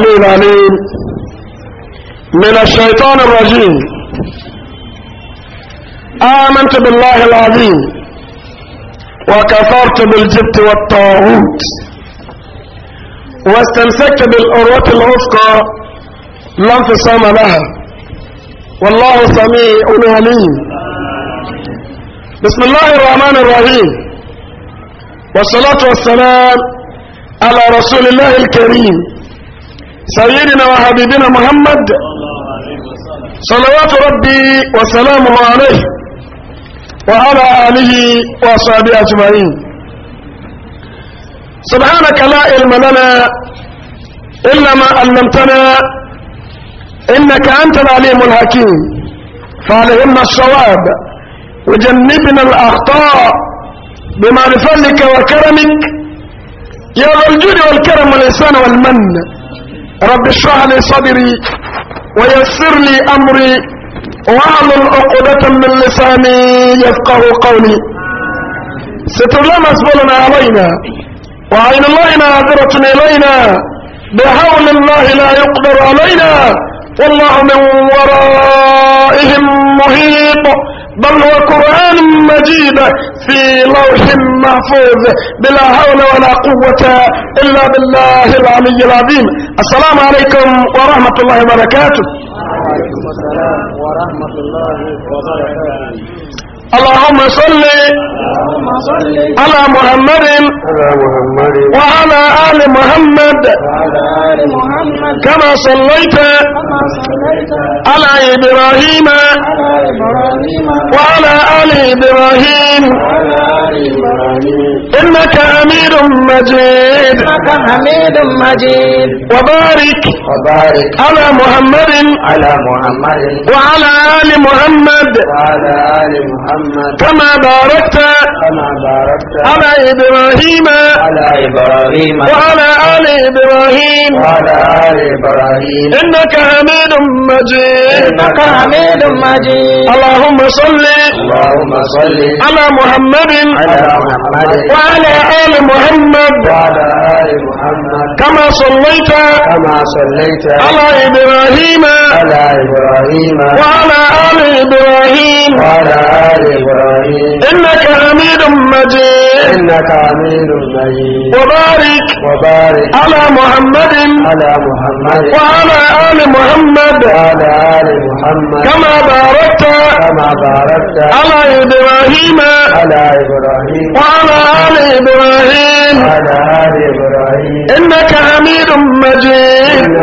العالمين من الشيطان الرجيم آمنت بالله العظيم وكفرت بالجبت والطاغوت واستمسكت بالأروة الأفقى لا انفصام لها والله سميع عليم بسم الله الرحمن الرحيم والصلاة والسلام على رسول الله الكريم سيدنا وحبيبنا محمد صلوات ربي وسلامه عليه وعلى آله وصحبه أجمعين سبحانك لا علم لنا إلا ما علمتنا إنك أنت العليم الحكيم فعلينا الصواب وجنبنا الأخطاء بمعرفتك وكرمك يا ذا الجود والكرم والإحسان والمن رب اشرح لي صدري ويسر لي أمري واعمل عقدة من لساني يفقه قولي ستر لا مسؤولنا علينا وعين الله ناظرة إلينا بحول الله لا يقدر علينا والله من ورائهم محيط بل هو قرآن مجيد في لوح محفوظ بلا حول ولا قوة إلا بالله العلي العظيم السلام عليكم ورحمة الله وبركاته وعليكم السلام ورحمة الله وبركاته اللهم صل على محمد وعلى آل محمد كما صليت على إبراهيم وعلى آل إبراهيم إنك أمير مجيد إنك حميد مجيد وبارك وبارك على محمد على محمد وعلى آل محمد وعلى آل محمد كما باركت كما باركت على إبراهيم على إبراهيم وعلى آل إبراهيم وعلى آل إبراهيم إنك حميد مجيد إنك حميد مجيد اللهم صل اللهم صل على محمد وعلى محمد وعلى آل محمد وعلى آل محمد كما صليت كما صليت على إبراهيم على إبراهيم وعلى آل إبراهيم وعلى آل إبراهيم إنك حميد مجيد إنك حميد مجيد وبارك وبارك على محمد على محمد وعلى آل محمد وعلى آل محمد كما باركت كما باركت على إبراهيم على إبراهيم وعلى آل إبراهيم إنك حميد مجيد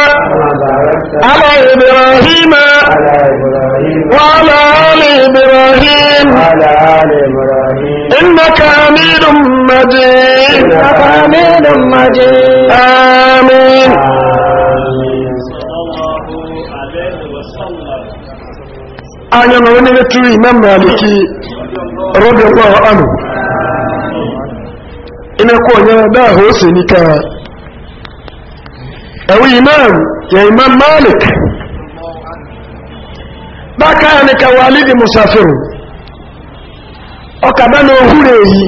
على إبراهيم وعلى آل إبراهيم إنك حميد مجيد حميد مجيد آمين أنا ما وني تري إمام مالكي رضي الله عنه إنك وني دا هو سنيكا ẹ̀wọ́ imam ya imam malik bákan ní kẹwàá lídìí musafiru ọkà bá òhúrẹ̀ èyí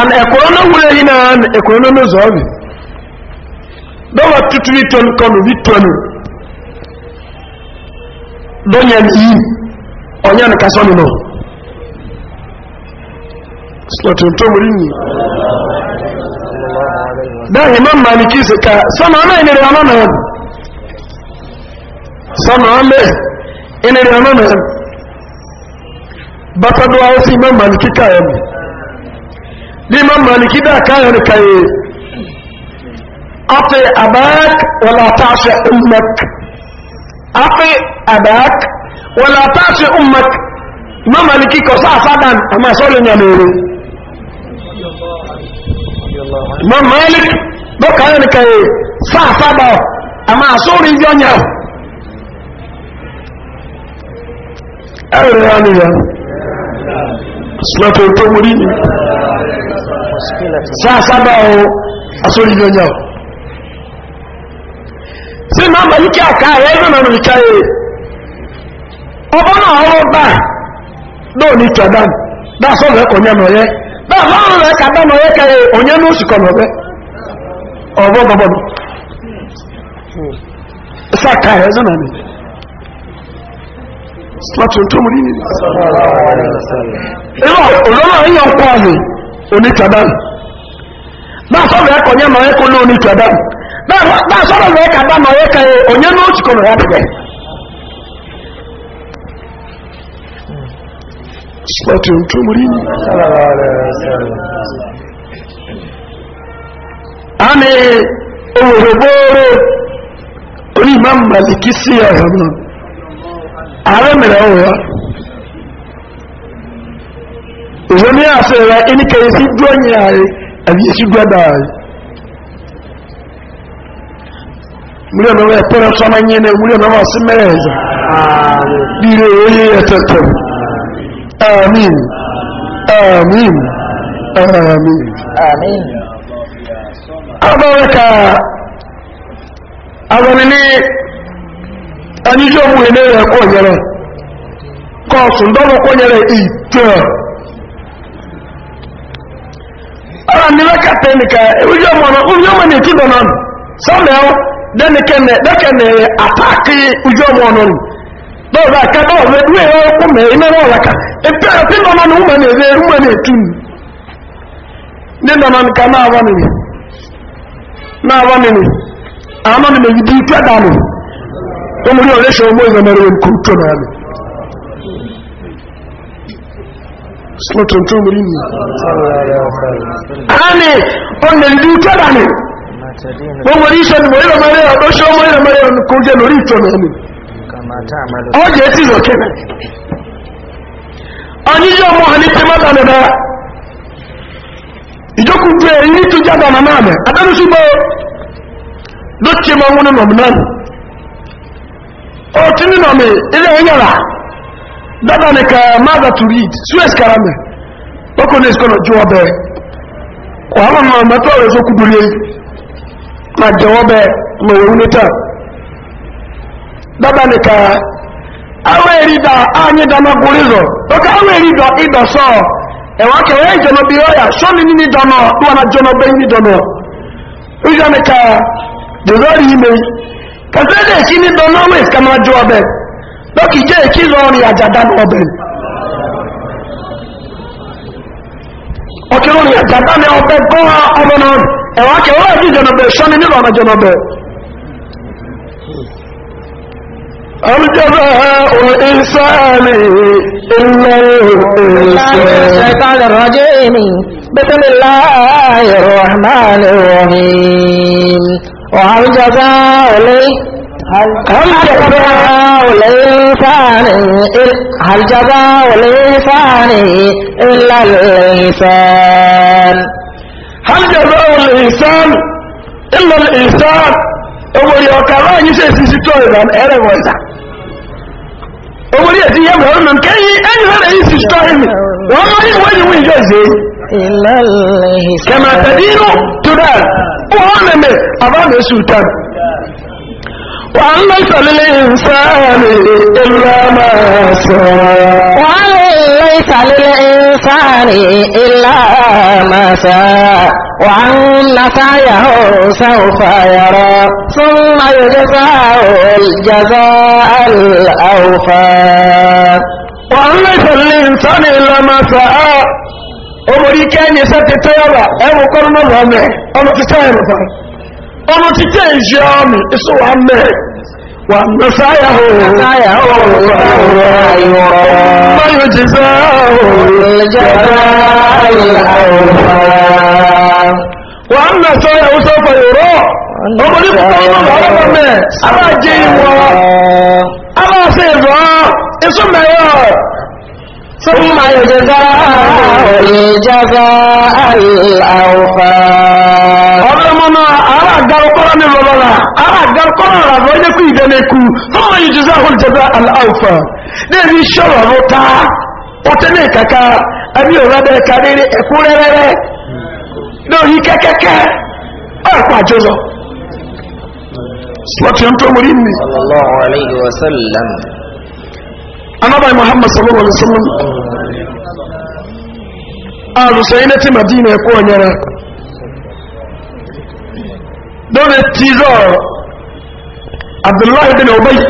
an ẹ̀kọ́ náà wúrẹ̀ èyí náà ẹ̀kọ́ náà ní zọ́ọ̀bì lọ́wọ́ tútù bí tọ́nu kọ́nù bí yìí dan imam maliki su ka sama ana ina da mana yan sama ana ina da mana yan ba ta duwa wasu imam maliki kayan ne imam maliki da kayan kaye afi abak wala tashi ummak afi abak wala tashi ummak imam maliki ko sa sadan amma sauran ya mere mọ malik bọ́kà ẹni kẹyẹ sáàfàbà àmà àsórí ìjọ nyà ẹ̀rẹ̀ rẹ̀ nìyà sílẹ̀tọ̀ tó mú rí ni sáàfàbà ọ àsórí ìjọ nyà sí máa malik àká ẹ̀ ẹ̀rẹ̀ nìyà kẹyẹ ọbọ̀ náà ọrọ̀ bá lóòní tọ̀dán dáa sọ́ọ̀rọ̀ ẹ̀kọ́ nyà nà ọ̀yẹ́ náà lọ́rùn rẹ̀ kàdá mọ̀ rẹ́kẹ̀rẹ̀ òyìn ní oṣù kọlọ̀ rẹ̀ ọ̀bọ̀bọ̀bọ̀bọ̀ sáàkà ẹ̀ zọ́nà mi slatin tó mú ní nìyí ìwọ̀ olóòrùn èèyàn kọ́ àmì onítàdán náà sọ́rọ̀ ẹ̀kọ̀ yẹn mọ̀ rẹ́kọ̀ ní onítàdán náà sọ́rọ̀ rẹ̀ mọ̀ rẹ́kẹ̀rẹ̀ òyìn ní oṣù kọlọ̀ sípàtì tó múrí a ní òwòrògbòrò orí ma màlìkí sí ọ̀rọ̀ náà ààrẹ mẹ́rẹ̀ ọ̀rọ̀ òwò ní àṣẹ rẹ̀ iníkẹyẹ sí dúọ́nyẹ ààrẹ àbí sí gbọ́dọ̀ ààrẹ múlí ọ̀nà ẹ̀pẹ́rẹ́ sọ́mọ́ yẹn múlí ọ̀nà wọ́n sí mẹ́rẹ̀ ẹ̀zà bí rẹ̀ oyé ẹ̀tẹ̀tẹ̀ آمين آمين آمين آمين أبارك أظنني أن ka إليه كونيرا kọ́ọ̀sùn dọ́rọ̀ kọ́nyẹrẹ ìjọ ara nílẹ̀ kàtẹ́ nìkẹ́ ìwúyọ́ mọ̀nà ìwúyọ́ mọ̀nà ìtúdọ̀ náà sọ́mẹ́ọ́ dẹ́nikẹ́nẹ̀ dẹ́kẹ́nẹ̀ àtàkì ìjọ mọ̀nà lọ́wọ́ àkẹ́bọ̀ wẹ́wẹ́ ọkùnmẹ́ iná ebe a ti nọ na ụmụ na-ere ụmụ na-etu m ndị nọ na nka na-awa mịrị na-awa mịrị anọ na megide ike dalị ụmụrị ole shi ụmụ ịzọ mere nke uto na alị ani ọ̀nà ìlú tẹ́lá ni wọ́n wọ́n iṣẹ́ ni mo yẹ́ lọ́mọ ẹ̀rẹ́ ọ̀dọ́ṣẹ́ ọmọ ẹ̀rẹ́ ọ̀nà kó jẹ́ lórí ìtọ́nà ẹni ọjọ́ etí ìrọ̀kẹ́ náà anyịjọ mụ ha n'ike mmadụ nebe ijoku du eyi ịtụji ada na naanị adanusugbo dochie ma nwụrụ nọ m naanị otu ndị nọ m ile enyela dada ni ka mada to read suez karame bako ne iskọlọ jụọ bẹẹ kwa ama ma mẹtọ rẹ so kuduri eyi ma jẹwọ bẹẹ ma wẹwu ne taa dada ka awa erida anyi dama gurizo oka awa erido ido so ewa ke we jono bi oya so ni ni dono duwa na jono be ni dono uja me ka dozori ime ka se de si ni dono we ka ma jo obe je ki lo ri ajada no obe o ki lo ri ajada ne obe go ewa ke we jono be so ni ni dono jono be أم جزاء الإنسان إلا الإنسان الشيطان الرجيم بسم الله الرحمن الرحيم وهل جزاء هل جزاء الإنسان هل جزاء الإنسان إلا الإنسان هل جزاء الإنسان إلا الإنسان أقول يا كمان يسيسي ستوي من أنا omori eti ya bẹrẹ ọdún nǹkan yìí ẹni lọ́dọ̀ yìí sì sọ ẹ̀mí wọ́n mọ ìwé ìwé ìwé ìjọ ìṣe. kẹmà tẹ̀lé inú tó dáa wọ́n mẹ́mẹ́ àbámẹ́ sultan. wàá lọ sọlẹ̀ ìsáàlì ìlú àmà sọ̀rọ̀. wàá lọ sọlẹ̀ الإنسان إلا ما سعى وأن سعيه سوف يرى ثم يجزاه الجزاء الأوفى وأن ليس الإنسان إلا ما سعى أمري كان يسد تيرا أو كرم الرمي أنا تتاهم أنا تتاهم جامي إسوع عمي والنصايح ويجزاه الجزاء الأوفى والنصايح سوف يرى ọmọdé púpọ̀ ọmọ ọlọ́pàá mẹ́ ara jẹ́ ìwọ̀ ara ṣe ìrọ̀ iṣu mẹ́rọ ثم يجزاه الجزاء الأوفى ọmọdé mọ́nà ara àgbà ọkọ̀ ni lọ́lọ́lá ara garkọ́nà ràbọ̀ ilé kú ìdẹ́lẹ̀ kú fọ́nà yìí jùzá hùn jẹ́bẹ́ aláàfà lẹ́bí ṣọ́rọ̀ ló ta ọtẹ́lẹ̀ kàkà àbí ọ̀rẹ́bẹ̀ kàrírí ẹ̀kúrẹ́rẹ́rẹ́ lórí kẹ́kẹ́kẹ́ ọ̀pá jọzọ slọ́tí ọ̀n tó mú rí mi anábàá muhammad sallallahu alaihi wasallam alùsọ̀ ilé tí madina ẹ̀kọ́ ọ̀nyẹ́ra dole tizo abdullahi bin obai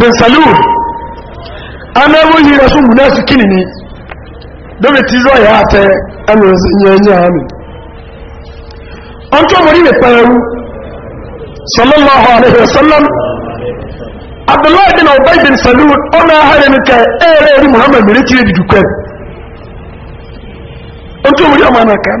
bin salur an wuyi rasu munafiki ne dole tizo ya ta anu yanyi amin an to mori ne fayaru sallallahu alaihi wasallam abdullahi bin obai bin salur ona hare ni ere eri muhammad mere tire di dukwe an to mori amana kan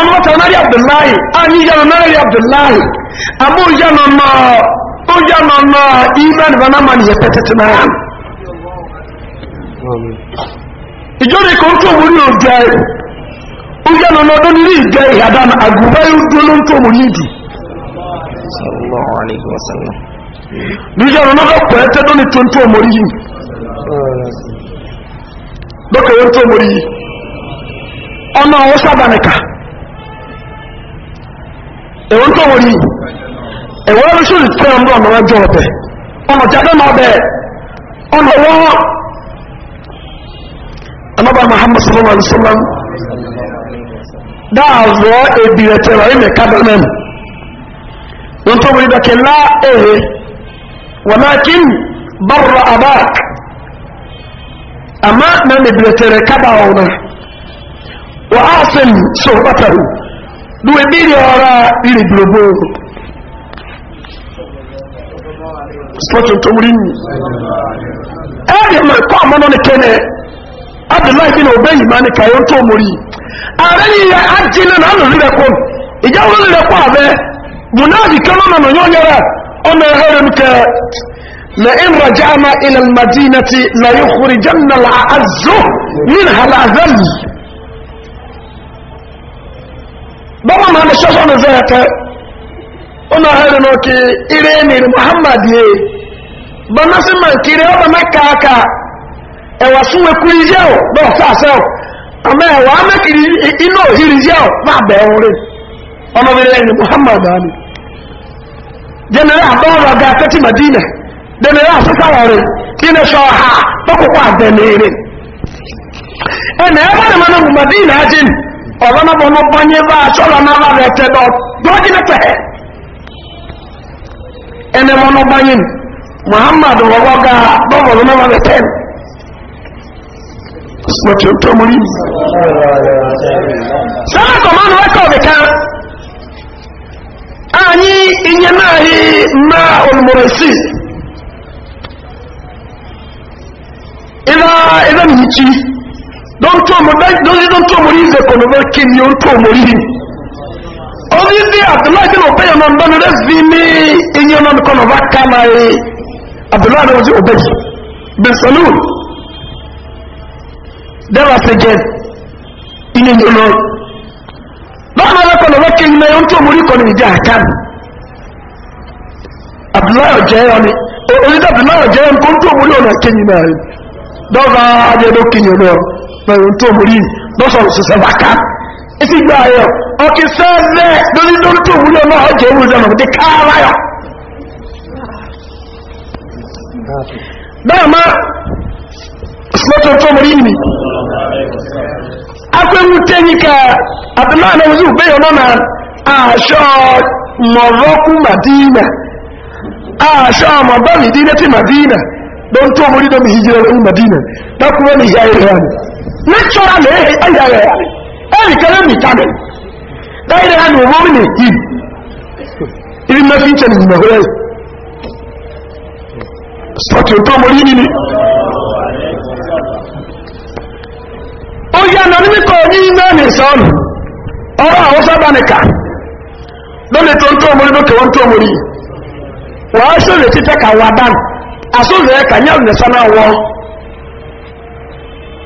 ọmọ bá tàwọn náírà abdullahi ani ìyànà náírà abdullahi àbó ìyànà náà ó yànà náà ìmẹ́rin bá náà máa nìyẹn pẹ́tẹ́tẹ́ náà yàn. ìjọba ìkọ̀ ń tó wù ní ọjọ́ ẹ̀ ó yànà náà ọdún ní ìjẹ́ ìyàdá àgùnbá ìdúró ló ń tó wù ní ìdù. ìyànà náà bá pẹ́ tẹ́ lónìí tó ń tó wù yìí. lókè yóò tó wù yìí ọ̀nà ọ̀wọ́ sábà nìkan ẹ̀wọ́n tó wọ́n yìí ẹ̀wọ́n ló ṣe tẹ́ ọmọ ọmọ ọjọ́ ọbẹ̀ ọmọ jáde máa bẹ̀ ọmọ wọ́n anaba muhammad sallallahu alaihi wasallam dáa wọ́ ebi rẹ̀ tẹ̀rọ ẹ̀mẹ̀ kábẹ́lẹ́m wọ́n tó wọ́n dàkẹ́ lá ẹ̀hẹ́ ọ̀nà wọ́n á sẹ́yìn sọ̀rọ̀ bàtàrù. ló ebéèrè ọ̀rọ̀ ilé ìdúrógbò slọ́tún tó wúrí nì ẹ̀rì mọ̀ ẹ̀kọ́ àmọ́nà ní kẹ́nẹ̀ abdullahi bin obey ma ní kàyọ́ tó mórí ààrẹ ní ìyá ajílẹ̀ náà lórí rẹ̀ kọ́ ìjà wọn lórí rẹ̀ kọ́ àbẹ́ bùnáàdì kẹ́nà nà yọ́ yẹrẹ ọmọ ẹ̀hẹ́ rẹ̀ kẹ́ لئن رجعنا إلى المدينة ليخرجن الأعز منها الأذل bọ́wọ́ máa ní ṣọ́ṣọ́ ní zẹ́ẹ̀kẹ́ ó máa hẹ́rì náà kí ire ní muhammad yé bọ́nà sí máa kiri ọba mẹ́kàákà ẹ̀wà súnwé kúrí yẹ́ ọ̀ bọ́ fàṣẹ́ ọ̀ àmọ́ ẹ̀wà mẹ́kiri inú òhìrì yẹ́ ọ̀ máa bẹ̀ ẹ̀hún rẹ̀ ọmọbìnrin ní muhammad àmì jẹ́nẹ̀rẹ́ àbọ́wọ́ ga tẹ́tí madina jẹ́nẹ̀rẹ́ àṣẹ́sáwọ̀ kí ní ṣọ́ ha tọ́kùkọ́ àgbẹ̀ ní ọ̀rọ̀ náà bọ̀ bọ́nyé bá aṣọ́rọ̀ bá rẹ̀ tẹ́ lọ lọ́jì lẹ́tẹ̀ ẹni mọ́ bọ́nyé muhammad wọ́wọ́ ga bọ́bọ̀lù náà bá rẹ̀ tẹ́ sọ́tì tó mú rí sọ́nà anyị inye naanị mma Don tó ń tó mórí ìzẹ̀ kò lọ́wọ́ kí ni ó ń tó mórí yìí orí bí abdullahi bin ọ̀bẹ́ yẹn máa ń bánu rẹ́sì ní iye náà kọ́ lọ́wọ́ ká máa rí abdullahi bin ọ̀bẹ́ yìí bin salul dẹ́wà sẹ́gẹ́ inú yìí lọ lọ́wọ́ náà kọ́ lọ́wọ́ kí ni ó ń tó mórí kọ́ ní ìdí àká mi abdullahi ọ̀jẹ́ yọ ni orí abdullahi ọ̀jẹ́ yẹn kó ń tó mórí ọ̀nà kéyìn náà dọ́gba ajẹ́ pẹ̀lú tó múrí lọ́sọ̀rọ̀ sísẹ̀ wákà ìsì gbà ayọ̀ ọkì sẹ́ẹ̀sẹ̀ lórí lórí tó múrí ọmọ ọjọ́ ìwúrí ọmọ ọdí káàráyọ̀ dáàmà lọ́sọ̀rọ̀ tó múrí ni akwẹ́wù tẹ́yíkà àtìmáà náà wùzú gbé ọmọ náà àṣọ mọ̀rọ́kú màdínà àṣọ mọ̀bá mìdínà ti màdínà don tó múrí dọ́mì hijira lórí màdínà dákúrò ní ìyá ìrẹ́ natural na ehe ɛyɛyɛ ɛrikɛrɛ mitamin dayɛrɛ ha na ɔmɔmi na eti ibi mmafi nkyɛn mu na hɔrɛ sɔtun tó mɔri yi ni oyè anani mi kɔ ɔnyi nyinaa ne nsɛn ɔrɔ a wɔsɛ ba ne ka lóni tó ń tó mɔri ló kẹwọn tó mɔri wàá sọ de titɛ ka wà dán asọ de yɛ ka nyɛ ɔnɛsɛ náà wɔ.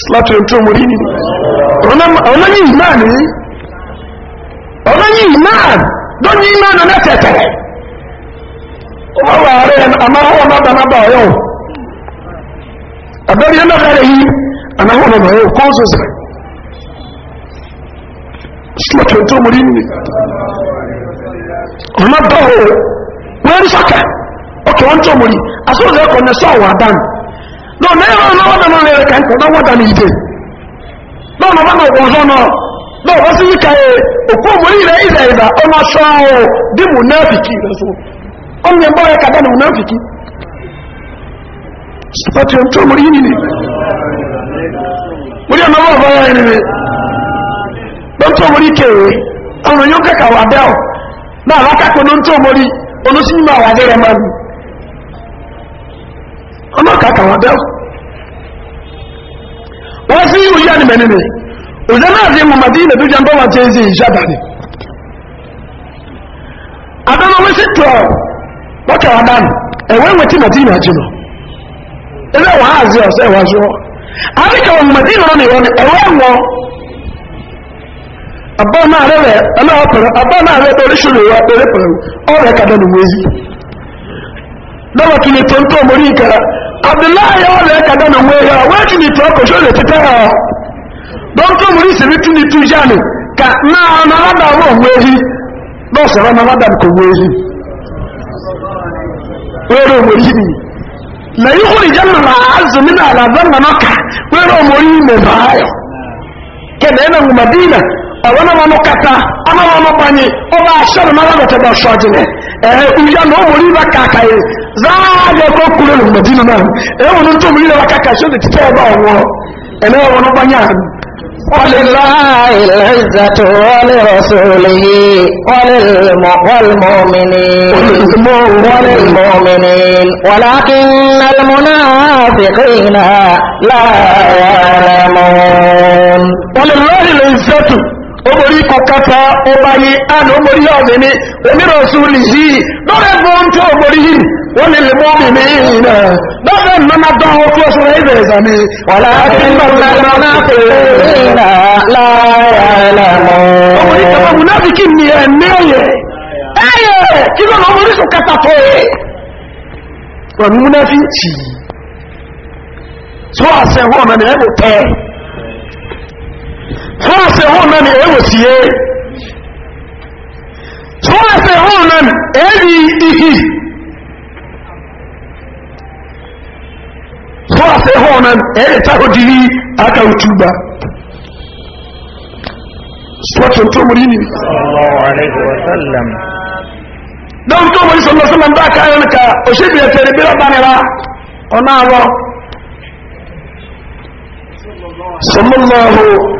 sílátì ohun tó mú rí nínú ọ̀nàyìn ìmáà ní ọ̀nàyìn ìmáà lóyìn ìmáà náà tẹ̀tẹ̀ ọwọ́ ààrẹ àmáhọ́ ọmọdàmábà ọ̀yọ́ àbẹ́rẹ́ náà rẹ̀ yìí àmáhọ́ ọmọdàmábà ọ̀yọ́ kó sọ̀sẹ̀ sílátì ohun tó mú rí nínú ọ̀nàbà ọ̀yọ́ wọ́n ń sọ́kẹ̀ ọkẹ̀ wọ́n tó mú rí asọ́ọ̀lẹ́kọ̀ọ́ náà mẹ́rin ọ̀nà wọ́n náà ka kà ń kọ̀ náà wọ́n dà ní ìdè nọ nọ bá nà ọ̀gbọ̀n sọ́nà náà wọ́n sì yíka ẹ̀ na òmùrí rẹ̀ ilẹ̀ ìdà ọmọ aṣọ ọ̀ bí mù náà fìkì rẹ̀ ọmọ kàkà wọn dẹ́wọ̀ wọ́n sí ìwòye ànìmẹ̀ nínú òjò náà fi ilẹ̀ tó jẹ́ ni àbẹ́mọ̀ wọ́n sì tọ̀ wọ́n kà wọn dánù ẹ̀wọ́ ìwé tí mọ̀dé ìlú àjẹ́ lọ ẹgbẹ́ wọn àzí ọ̀sẹ̀ wọn aṣọ àríkà wọn mọ̀dé ìlú ni wọn ẹ̀wọ́ ẹ̀wọ́ àbọ̀ náà rẹ̀ àbọ̀ náà rẹ̀ oríṣiríṣi ọ̀rẹ́ pẹ̀lú ọ̀rẹ́ kàdánù wọ́n dọ́wọ́ kí ni tó ń tó mórí nǹkan abdullahi ọ̀rẹ́ kàdá nà wọ́n yọ wọ́n kì ni tó kò lè títẹ́ ka na ọ̀nà aládà wọ́n wọ́n ehi bọ́ sọ̀rọ̀ ọ̀nà aládà kò wọ́n ehi wẹ́rẹ́ òmòrí ni lẹ́yìn kúrì jẹ́nu là azùmínà àlàbẹ́ nànà ká wẹ́rẹ́ òmòrí ẹ̀wọ́n náà mọ́nú kata ọmọ mọ́nú panyi ọba aṣọ́nù náà lọ́dọ̀ tẹ́lẹ̀ ọ̀ṣọ́ jìnà ẹ̀ẹ́ ìyá náà wọ́n rí bá kàkà yìí záàlẹ̀ kó kúrò ní mọ̀dínà náà ẹ̀wọ̀n ní tóbi rí bá kàkà ṣó lè títẹ́ ọba ọ̀wọ́ ẹ̀nà ọ̀wọ́n náà panyi àná. ولله العزة ولرسوله وللمؤمنين وللمؤمنين ولكن المنافقين لا يعلمون ولله العزة omori kọkata ọbayi ana omori ọmịmị omiri osulihi lọ́rẹ̀ bụ ntụ omori wọ́n lè mọ́ mímí ìrìnà lọ́rẹ̀ nọ́nà dánwó tí ó sọ́rọ̀ ìbẹ̀ ìzàmì ọ̀lá tí ń bọ̀ lọ́nà pẹ̀lú ìrìnà láàrẹ̀ àìlàmọ́ omori kọkata munafiki ni ẹ̀ ní ọ̀yẹ̀ ẹ̀yẹ̀ kí lọ́nà omori kọkata tó yẹ wọ́n munafiki tí wọ́n àṣẹ wọn mẹ́rin ẹ̀ fọ́ọ̀sẹ̀ hùn náà ni ewòsíyé fọ́ọ̀sẹ̀ hùn náà ni èyí ihi fọ́ọ̀sẹ̀ hùn náà ni èyí táhùdìrí aka òtúgbà sọ́tún tó mú rí ni don tó mú rí sọ́lọ́sọ́lọ́ bá káyọ̀ nìka òṣèbìyàn tẹ̀lé bí rọ́bà nira ọ̀nà àwọ̀ sọ́lọ́lọ́hùn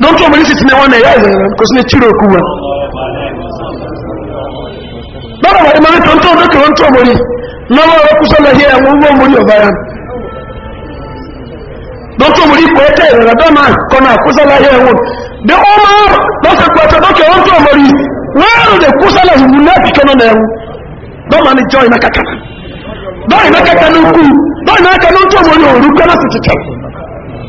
don to mori sitine wannan ya zai ko sune ciro kuwa baba bari mari ton to doke na wa wa kusa la hiya mu wo mori ọba don to mori ko ete ra da na kusa la hiya won de o ma ọrụ se ko to kusa la hu na ti na hu do ma na kakana do ina kakana ku do ina kakana to mori o ru kana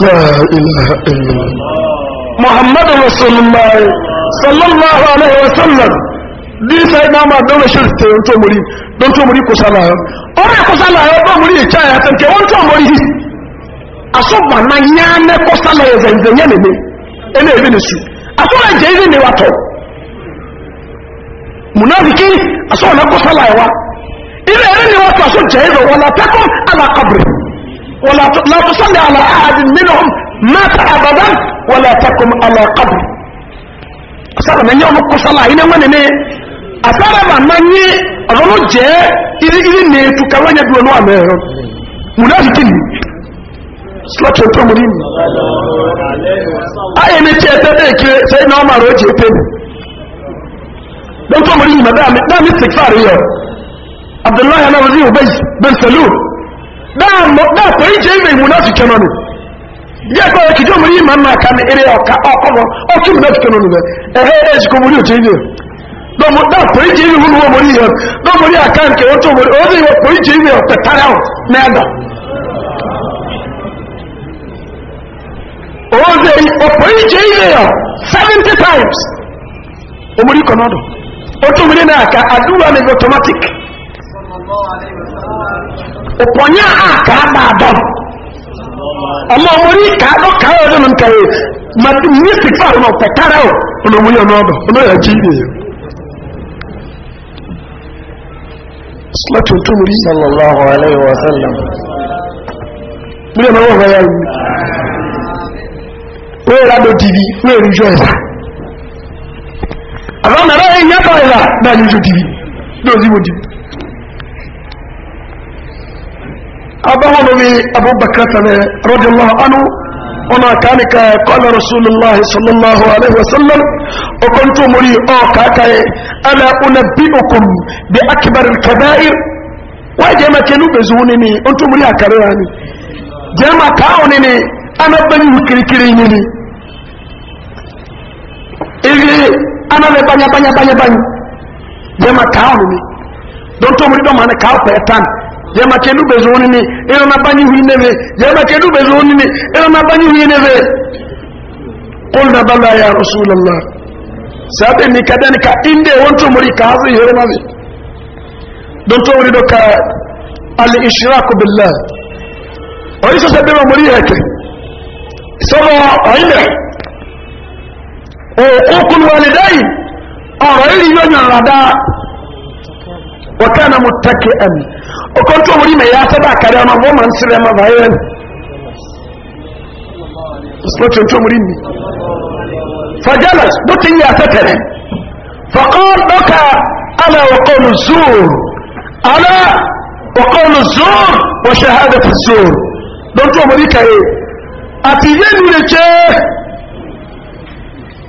Muhammadu إله محمد رسول الله صلى الله عليه وسلم di sai na ma dawo shirte don muri don to muri kusala ya ba muri cha ya tanke muri aso ba na nya ne kusala ya zanze nya ne ne ene ne su na je ni wa munafiki aso na ya wa ile ene ni wa aso je wala takum ala qabri ولا تصلي على أحد منهم مات أبدا ولا تقم على قبر أصلا من يوم القصلاة هنا من أصلا من رجع إذا إذا نيتو كوان يدوى نوع مهرم منافقين صلاة التمرين أي متى تدك سيدنا عمر وجه تي لو تمرين ما دام دام استكفار يوم عبد الله أنا وزير بن سلول náà pẹ̀lú jẹ́ ìwé ìmú náà sì kẹ́ mọ́nu yẹ́ kọ́ ẹ̀kì jọ́ múrí ìmọ̀ náà kàmì eré ọ̀ka ọkọ̀mọ̀ ọkùn náà sì kẹ́ mọ́nu rẹ̀ ẹ̀hẹ́ ẹ̀sì kò múrí òtí ìdè náà pẹ̀lú jẹ́ ìwé ìmú náà múrí yẹn náà múrí àká nkẹ́ ó tó múrí ó sì wọ pẹ̀lú jẹ́ ìwé ọ̀pẹ̀ tara ọ̀ mẹ́ẹ̀dà òun ṣe pẹ̀lú jẹ́ ìwé ọ̀ seventy times òmúrí kọ̀nọ́dọ̀ ó tó múrí náà ká àdúrà ní automatic òpònyá àkàbà àbọ̀ ọmọ orí kàádọ́ kàádọ́ ọdún nǹkan yìí màdí ní pípa àwọn ọ̀pẹ̀kára ọ̀ olóhùn yẹn náà bọ̀ olóyè jí nìyẹn. sílẹ̀tì tó múrí. sallallahu alayhi wa sallam. múlí ọmọ wọn wọ́n yá wí. wọ́n yẹra ló dìbí wọ́n yẹra ojú ẹ̀sà. àwọn ọmọ ẹ̀rọ yẹn yẹ́ bọ̀ ẹ̀rà náà ní ojú dìbí lóòzí wo dìbí. أبونا أبو بكرة رضي الله عنه وما كان قال رسول الله صلى الله عليه وسلم وكنت مري أو آه، كاكاي أنا أنبئكم بأكبر الكبائر وجمع كنو بزونني أنتم مري أكرياني جمع كاونني أنا بني وكريكريني إذي أنا بني بني بني بني جمع كاونني دونتم مري دوما أنا كاو بيتان yama kedu bezoni ni ero nabanyi huineve yama kedu bezoni ni ero nabanyi huineve qulna bala ya rasulullah sabe ni kadani ka inde wonto muri ka hazi hore mazi don to wuri doka al ishrak billah ori so sabe ma muri heke sabo aile o qul walidain ara ili yonya rada وكان متكئا okonto muri me yasaba kare ama ngoma nsire ma bayene uspocho nto muri ni fajalas butin ya satare faqal baka ala wa qawl zur ala wa qawl zur wa shahadat zur don to muri kare atiye nure che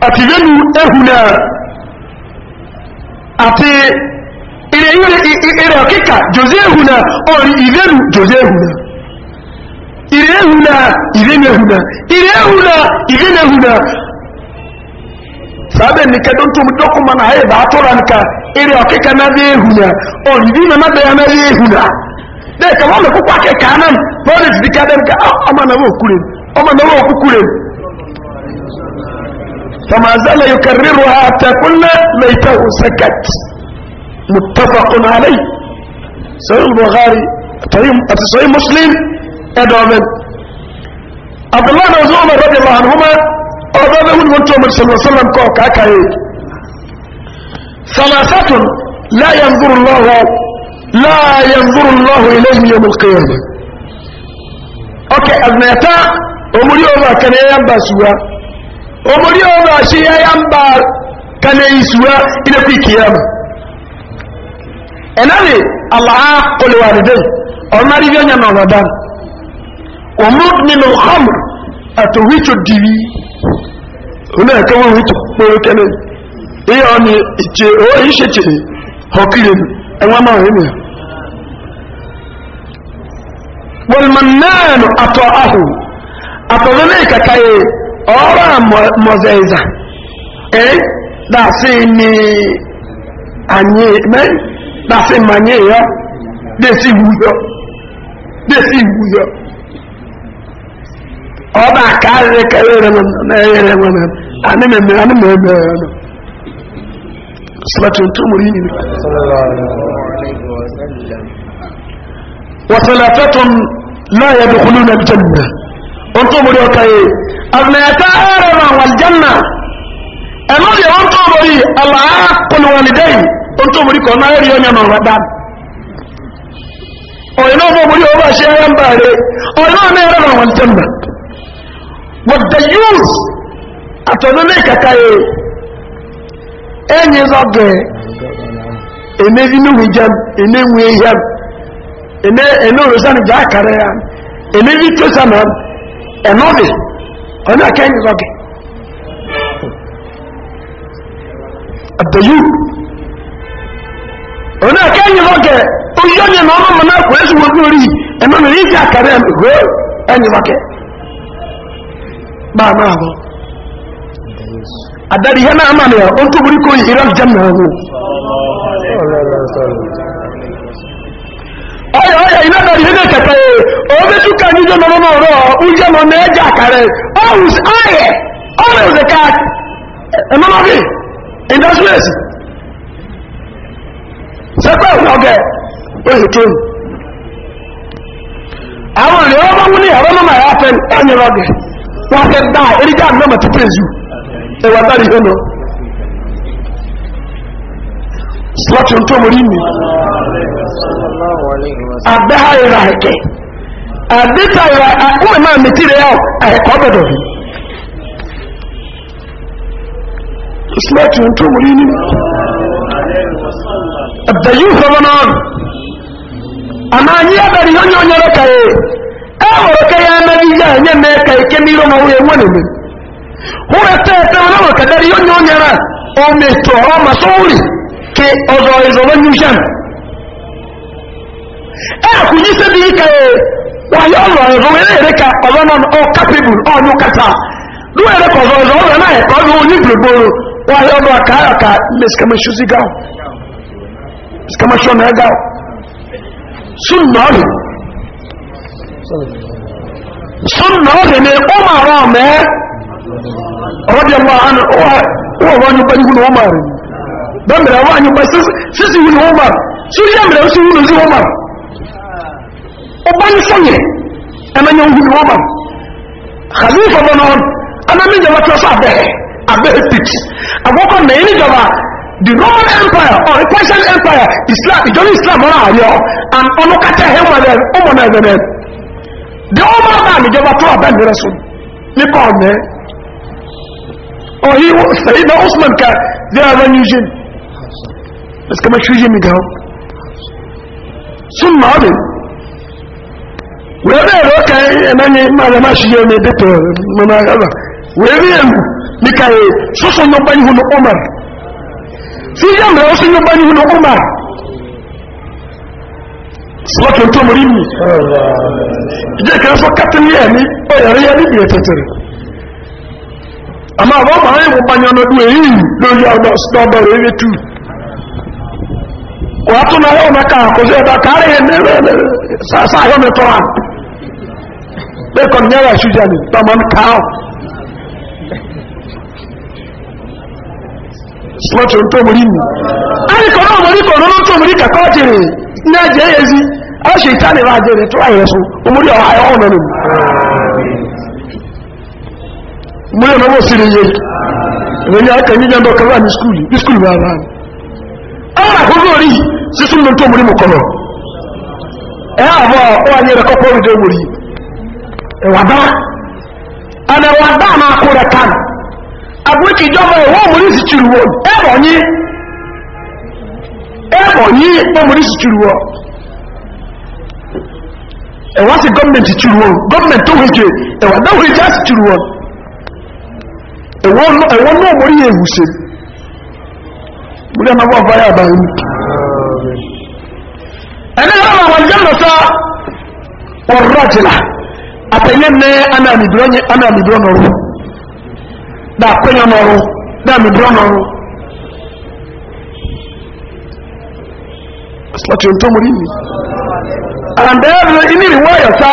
atiye nu ehuna ati ire ire ire ọkịka jozehu na ori ireru jozehu na irehu na irenehu na irehu na irenehu na sábẹ̀ ní kẹ́dọ́ tó mú dọ́kùnmọ́ náà ayé bá tọ́ra nìka ire ọkịka na bí ehu na ori ibi na nábẹ̀ ya na bí ehu na bẹ́ẹ̀ kẹ́ wọ́n mẹ́ kókó akẹ́kẹ́ anan bọ́ọ̀lù ti di ká dẹ́nu ká ọmọ náà wọ́n kúrẹ́ ọmọ náà wọ́n kúkúrẹ́ فما زال يكررها حتى كل ليته سكت متفق عليه صحيح البخاري صحيح مسلم ادامن عبد الله بن عمر رضي الله عنهما أرضاه وانت عمر صلى الله عليه وسلم كو ثلاثة لا ينظر الله لا ينظر الله إليهم يوم القيامة أوكي ابنتا أمري أوبا كان باسوا سوا أمري أوبا شيئا با كان يسوا إلى في قيامة ẹ̀nàlè àlàá olùwàrídé ọ̀rọ̀márí bí ọ̀nyà náà rọ̀dán òmùd nínú hamr àti wíjọ dìrí ọ̀nà ẹ̀kọ́ wọn wíjọ pẹ̀lú kẹ́lẹ̀ ìyá ọ̀nì ìjẹ owó dàsí mànyé yọ dèsí wúyọ dèsí wúyọ ọba àkàrẹ kẹrẹ rẹ mọ ẹyẹ rẹ mọ mẹ àní mẹmẹ àní mẹmẹ ẹ nọ sọlọtún tó mọrí yìí. وثلاثة لا يدخلون الجنة أنتم مريوكي أغنيتها أرنا والجنة أنا لي أنتم مري العاق الوالدين ntomori kọ náà onye na nà ọ̀rọ̀dá ọ̀yìnà ọmọ omori ọba ṣe ẹ̀yà ń báyìí ọ̀yìnà ọmọ ẹ̀rọ nà wọn jẹ́ nà wọ́n dẹ̀ yúùs àtọ̀nù ní kàkà yẹ ẹ̀yìn zọ́gẹ̀ ẹ̀nẹ́ inúwì jẹm ẹ̀nẹ́ wù ẹ̀yẹm ẹ̀nẹ́ akara ya jà kàrẹ́ na ẹ̀nẹ́ onye tó sànà ẹ̀nọ́bì ọ̀nà kẹ́yìn the òun aka kẹ́yìn lọ́kẹ̀ onye onye na ọmọ náà kò ẹ́sùn ojú orí ẹ̀mọ́ mi rí sí àkàrẹ́ ẹ̀mọ́ ẹ̀yìn ihe náà máa nìyà ó tóbi kó yìí rẹ̀ jẹ́ mọ̀ ọ́hún. ọyọ ọyọ ihe náà kẹta yẹ òun sẹ́pẹ́ ọ̀gẹ̀ oṣùtún àwọn ìrìn ọmọ wọn ní ẹ̀rọ mọ́mọ́ ẹ̀yà fẹ́ ẹ̀yìn rọ́gẹ̀ wọ́n fẹ́ dá eríjà mọ́mọ́ títẹ̀ zù ẹ̀wà dárí yóò lọ slọ́tì tó mú rí mi àbẹ́hà ìrà ẹ̀kẹ́ ẹ̀kọ́ abdayuso bonon amanyi abari yonyo nyoro kaye eworo kaye amabija nye me kaye kemiro na uye wone me hure tete wana wakadari yonyo nyara ome toro masuri ke ozo izo lo nyushan e kujise bi kaye wayo lo ezo wele reka ozo non o capable o nyukata duwere kozo ozo ozo na e kozo onyi gbogboro wayo lo akara ka meskama shuzi gao kama sọ na ẹga sun na ọrẹ sun na ọrẹ ni umar ọmọ rọdí ọmọ ọmọ ọmọ ọmọ bẹni hun umar bẹmẹrẹ ọmọ ọmọ bẹ sisi hun umar sisi yamẹrẹ sisi hun si umar ọba ni sọnyẹ ẹnna e yẹn hun umar khalifa bọ náà ẹnna mi jẹ wọ́n tẹ́ sọ abẹ́rẹ́ abẹ́rẹ́ pit àkọ́kọ́ mẹ́yìn níjọba the roman empire or the persian empire islam ìjọba islam ọ̀rọ̀ àyọ and ọlọ́kàtà ẹ̀wọ̀n rẹ̀ ọmọ náà ẹ̀dẹ̀rẹ̀ the ọmọ náà níjọba tó abẹ́ ìrẹsì sùn nípa ọ̀nẹ́ ọ̀hí sẹ̀yìnà usman ká dé ara ní yìí ẹ̀sìkà máa ṣú yé mi gan sún máa bẹ̀ wẹ́ẹ́ bẹ́ẹ̀ rẹ̀ ọkà ẹ̀mẹ́ ni máa lọ máa ṣe yé mi dẹ́tọ̀ mọ́nà àgbà wẹ́ẹ́ rí ẹ̀mù níkà ẹ̀ sọ́sọ́ ní ọgbà yìí hùn ọmọ rẹ̀ sí yẹ́mẹ̀ ó sí ní bá nínú ọmọ sílọ́tún tó mú rí mi ìjẹ́ kẹrẹ sọ kẹtìlì ẹ̀ ní ọ̀yẹ̀rẹ́ yẹ níbi ẹ̀tẹ̀tẹ̀rẹ̀ àmà àwọn ọmọ ayé wọn bá yan ọdún èyí lórí ọdọ rẹ̀ eré tù kò á tún ní ẹ̀rọ ìṣújà slọtụ ntomori mu anyị kọrọ omori kọrọ n'ntomori ka kọọ jere ndị a jee ezi ọ shi ta nịba jere tụwa ya so omori ọha ya ọ nọ n'omu mmiri ọmọ osiri ihe ìròyìn aka nyíjà ń dọ̀kọ̀ láàrin skúlì bí skúlì wà láàrin ọmọ àkókò rí sísún lóntó omori mu kọrọ ẹ àbọ̀ ọ anyị rẹ kọkọ orí dé omori ẹwà dá ẹnẹ wà dá náà kó rẹ kánù àbúrúkì ìjọba ẹ̀wọ́ òmùrísì tìrùwọ̀ ẹ̀bọ̀ yí ẹ̀bọ̀ yí òmùrísì tìrùwọ̀ ẹ̀wọ́ sí gọ́ọ̀mẹ̀ntì tìrùwọ̀ gọ́ọ̀mẹ̀ntì tó wíjẹ ẹ̀wọ́ dáwọ̀ ìjá sí tìrùwọ̀ ẹ̀wọ́ náà mọ̀rí ewu ṣe múlẹ̀ máa bá yà bá yìí ẹ̀nà yàrá wọn jẹ́ mọ̀ sá ọ̀rọ̀ jìlá àtẹ̀yẹ́ mẹ́ anáàmì ìdúró nọ̀rọ̀ da akonya n'ọrụ da mebiri n'ọrụ asilatun tó mori ni and every ini riwaya ta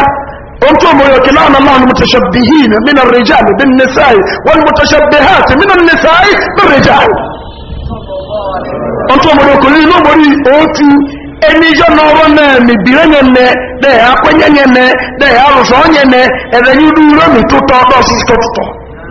on tó mori o kila ana lahun mutashabbihin min ar-rijal bin nisa'i wal mutashabbihat min an-nisa'i bin rijal on tó mori o kuli no mori o tu ẹni yọ n'ọrụ na mebiri nye nne na akonya nye nne dẹ arụsọ nye nne ẹdẹ yi duro mi tó ọdọ ọsụsụ tó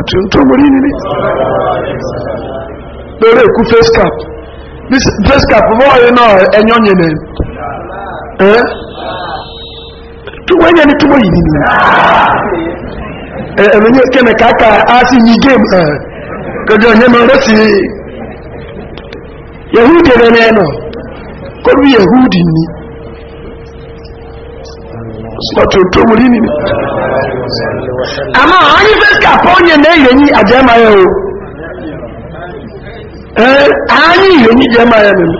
ẹtù tó wọlé nílé lórí èkú face cap face cap bọ́ọ̀lù náà ẹ̀yán yẹn nẹ ẹ́ túwọ́ yẹn ni túwọ́ yìí nìyẹn ẹ̀mí yẹn kẹ́nẹ̀ káàkà á sì yí géèmù ẹ̀ kọjọ yẹn máa rẹ́ sí yahudi rẹ̀ nẹ́ẹ̀ náà kọ́lù yahudi ni sọtò tó mú rí nìyí. àmọ́ àwọn fẹ́ kàpọ̀ ọ̀nyẹ náà yẹ̀yìn àjẹmáyẹ o àánì yẹ̀yìn jẹ́máyẹ nìyí.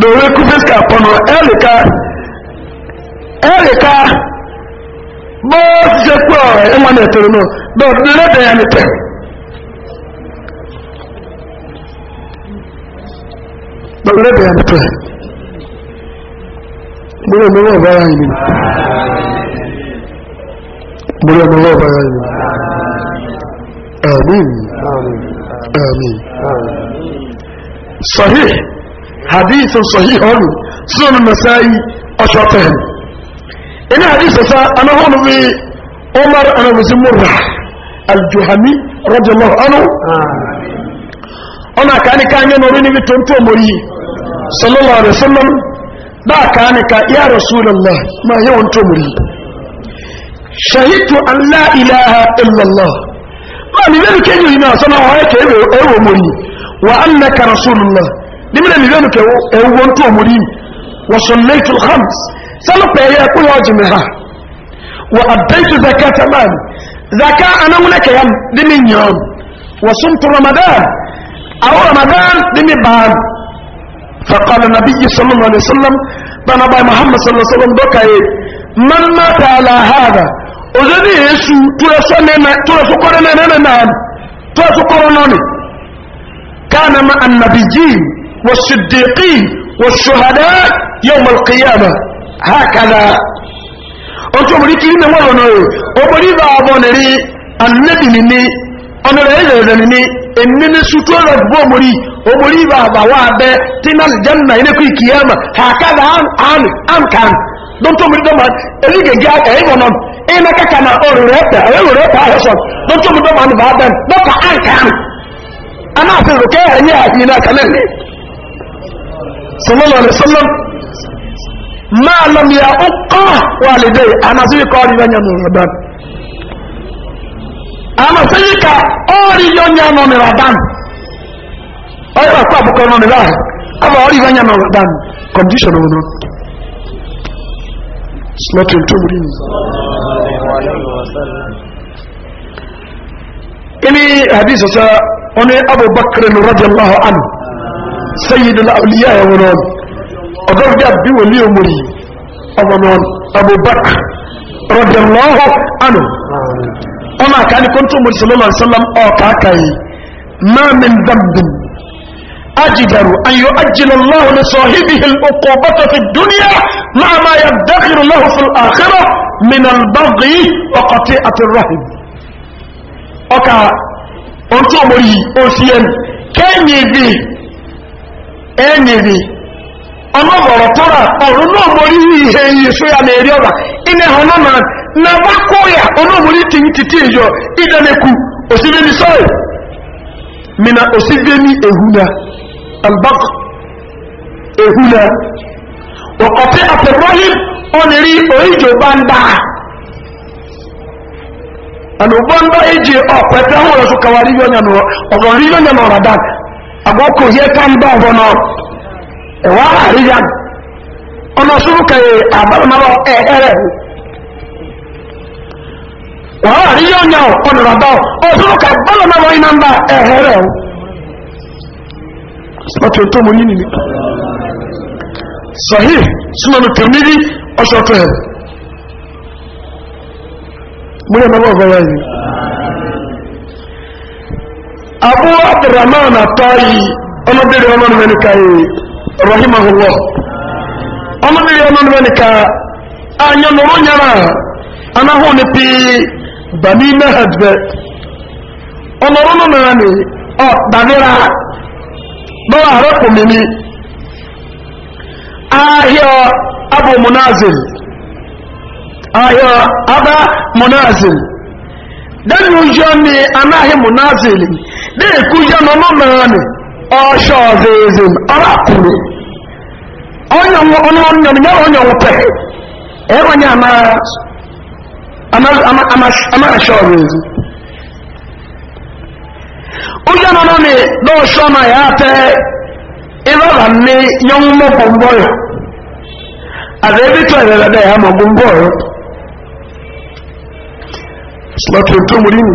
lòwe kú fẹ́ kàpọ̀ nù ẹ̀ríkà ẹ̀ríkà bó ṣe pọ̀ ẹ̀wọ̀n náà tẹ̀lé náà bẹ́ẹ̀ lẹ́dẹ̀ẹ́ yẹn tẹ̀. bẹ́ẹ̀ lẹ́dẹ̀ẹ́ yẹn múrí ọmọ ọba ara ìlú múrí ọmọ ọba ara ìlú àmín àmín sahih hadith sahih ọlù sọ́nà masáyí ọṣọ tẹ̀hẹ̀ inú hadith sọ́sá anáhónú umar anabuzi murra aljuhami radiyallahu anhu ọ̀nà kàníkà yẹn nọ̀rí níbi tó ń tó mọ̀rí sallallahu alaihi wasallam ba ka ne ka ya rasulullah ma yawan tumuri shahidu an la ilaha illallah ma ni ne ke yi na sana wa ke ewo muri wa annaka rasulullah ni ne ni ne ke ewo tumuri wa sallaitu al-khams sala pe ya ku yaji me ha wa addaitu zakata mal zaka ana wala ke yam dimin yam wa sumtu ramadan aw ramadan dimi ban فقال النبي صلى الله عليه وسلم بنا باي محمد صلى الله عليه وسلم دوكا من مات على هذا وزدي يسو تلسو نينا تلسو كورنا نينا نعم تلسو كورنوني كان مع النبيين والصديقين والشهداء يوم القيامة هكذا أنتم مريكي نمو مرنو أمريبا أبونري النبي مني ọmọ rẹ̀ ilẹ̀ rẹ̀ ni èmi ní sútú ọ̀rọ̀ ìbò omori omori ìbà àbàwọ̀ abẹ́ tí náà lè jẹ́nà inékú ìkìyàmà àkàdà àmkàn dọ́ntọ́mùrí dọ́mà elígègé ẹ̀yìnbọ̀nà ẹ̀yìnbọ̀ kàkà na ọ̀rọ̀ rẹ̀ pẹ̀ ẹ̀yìnbọ̀ rẹ̀ pẹ̀ ẹ̀ṣọ́ dọ́ntọ́mùrí dọ́mà ní bàbẹ̀ dọ́kà àmkàn anáàfin rò kẹ́yà ẹ̀yìn àti iná kanẹ́ ní sọlọ́lọ́ sọlọ́ máa lọ́mìyà ó kọ́ wà lédè ànásíwí kọ́ ọ́ ama sɛyi ka ɔɔri yɛ ɔnyɛ nɔmi radan ɔyɛ ɔkɔ abokɔ nɔmi ra ama ɔɔri yɛ ɔnyɛ nɔmi radan condition wo no sinɔtun tumuri ni. ini hadisi sɛ ɔne abubakar ni radiyallahu anhu sɛyidu la awliya yɛ wɔn ɔdɔw bi a bi wɔ ni omori ɔmɔ nɔn abubakar radiyallahu anhu. أنا كان كنتم صلى الله عليه وسلم أو كاكاي ما من ذنب أجدر أن يؤجل الله لصاحبه العقوبة في الدنيا مع ما يدخر له في الآخرة من البغي وقطيعة الرحم أوكا أنتم مري أوسيان كان يبي كان يبي ọlọ́gbọ̀rọ̀ tọ́rọ ọrụ náà mọ̀rí ihe yìí ya na-eri ọba na bá kó yà olóòmùrí tí ń títí èyọ ìdánekù òsìlẹ̀ mina òsìlẹ̀ ehuna albak ehuna ọ̀kọ̀tẹ́ àtẹ̀wọ́yìn ọ̀nìrí oríjò bá ń dáa àlùbọ́ ń bá ẹ̀wọ́ àríyá ọmọ súnkẹ̀yẹ àbámọ́rọ̀ ẹ̀ẹ́rẹ̀ wọ́n àríyá ọ̀nyà ọ̀nàrọ̀bá ọ̀súnkẹ̀ bọ́lọ̀mọ́rọ̀ iná ń bá ẹ̀ẹ́rẹ̀ ọ̀tọ̀ tó mú nínú sọ̀hí súnmọ̀nù tẹ̀mírí ọ̀ṣọ̀tọ̀ ẹ̀ múlẹ̀ mọ́mọ́ ọ̀gọ́rọ̀ yìí abu abdulrahman atọ́yì ọmọbìnrin ọmọ mẹ́rin káyé rahimahullah ọmọ mi yọ ọmọ ne ka anya nọrọ nyara a ni pi n'ime mehadbe ọ dabira lọrọ arẹ kò mímí ahịa abu munazil ahịa aba munazil dẹni anaghị munazil dẹni kújọ nọ ọ̀ṣọ́ ọ̀zẹ̀ẹ̀zẹ̀ ọ̀rọ̀ àkùrù ọ̀nyọ̀wọ̀ ọ̀nyọ̀wọ̀ ọ̀nyọ̀wọ̀ pẹ̀ ẹ̀rọ ní amáṣọ́ ọ̀zẹ̀ẹ̀zẹ̀ ọjọ́ nọ ní lọ́ọ̀ṣọ́ ma yà á tẹ́ ìrọ̀rà ní yọ̀wọ̀ mọ́gbọ̀ngbọ̀yọ̀ àzẹ́bí tó ẹ̀rẹ̀ dẹ̀ yà mọ́gbọ̀ngbọ̀yọ̀ Sọ́tún ya mú nínú.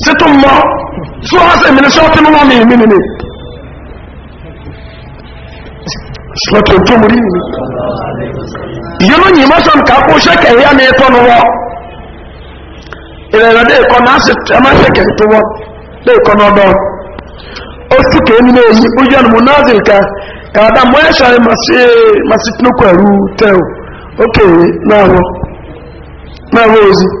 sítú mọ́ tí wọ́n sì mìíràn sọ́ọ́tì ní wọ́n mìíràn mìíràn sọ́ọ́tì tó mú rí mi yìí ní mọ́sán kàkó ṣẹ́kẹ̀ yá ní ẹ̀tọ́ ní wọ́n ìrẹ̀rẹ̀ dé ìkọ́ náà sì tẹ́ máa ṣẹ́kẹ̀ tó wọ́n dé ìkọ́ náà dọ́ ó sì kéé nínú èyí ó yẹ ọ̀nàmú náà sì ká kàdá mọ́ ẹ̀ṣọ́ ẹ̀ màsí tinúkọ̀ ẹ̀rú tẹ́ ò ó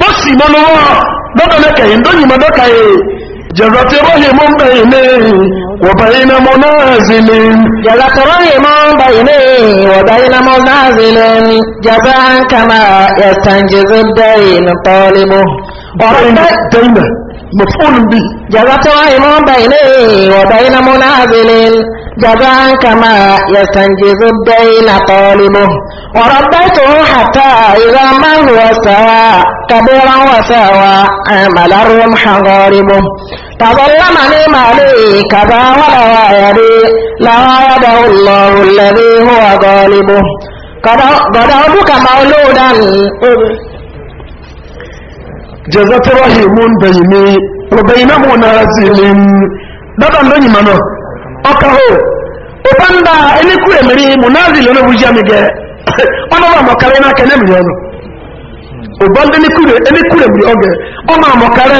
bó sì mọ́ lọ́wọ́ dọ́kọ̀ lẹ́kẹ̀ yìí dọ́yìn mọ́ dọ́kà yìí jẹ̀rọ̀tẹ̀rọ̀ yìí mọ́ ń bẹ̀ yìí ní wọ̀bẹ̀ yìí na mọ́ náà sí ni. jẹ̀rọ̀tẹ̀rọ̀ yìí mọ́ ń bẹ̀ ní wọ̀bẹ̀ yìí mọ́ náà sí ni jẹ̀bẹ̀ ń kama ẹ̀sánjẹ̀zẹ̀ dẹ́yìn tọ́lẹ́mọ́. ọ̀rẹ́ جزاء كما يستنجز الدين طالبه وربته حتى إذا ما هو سوى كبيرا وسوى عمل الرمح غاربه تظلمني مالي كذا ولا يدي لا يده الله الذي هو غالبه غضبك مولودا جزت رحيم بيني وبينه نازل دبا لني منه ọkaho ụba ndị a enekwu emeri monazil onye bụzi amị gị ọnụ ọma ọkara n'aka enemiri ọnụ ụba ndị enekwu emeri oge ọma ọmọkara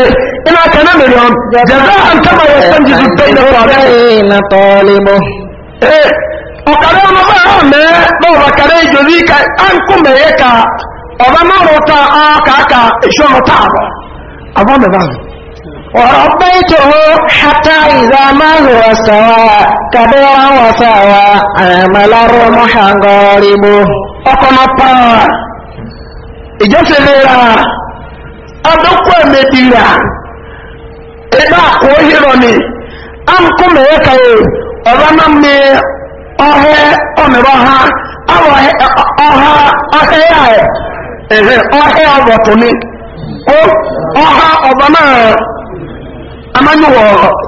n'aka enemiri ọnụ jaza antama ya sọ njizu pe na tọọlịbụ ee ọkara ọnụ ọma ha mee n'ụba kara ijozi ka nkume ya ka ọba ọrụ ta ọka aka esi ọrụ taa abụọ abụọ mebe ahụ وربيته حتى إذا ما هو سوى كبيرا وسوى عمل الرمح غاربه ọkọ̀nà pàà ìjọsìnira adókò ẹ̀mẹ́dìrà ẹgbà àkó hírọ̀ ni a ń kó mẹ́rẹ́ kàyè ọ̀rọ̀ náà mi ọ̀hẹ́ ọ̀mẹ́rọ̀ ha ọ̀há ọ̀hẹ́ ẹ̀ ọ̀hẹ́ ni amanyi wɔ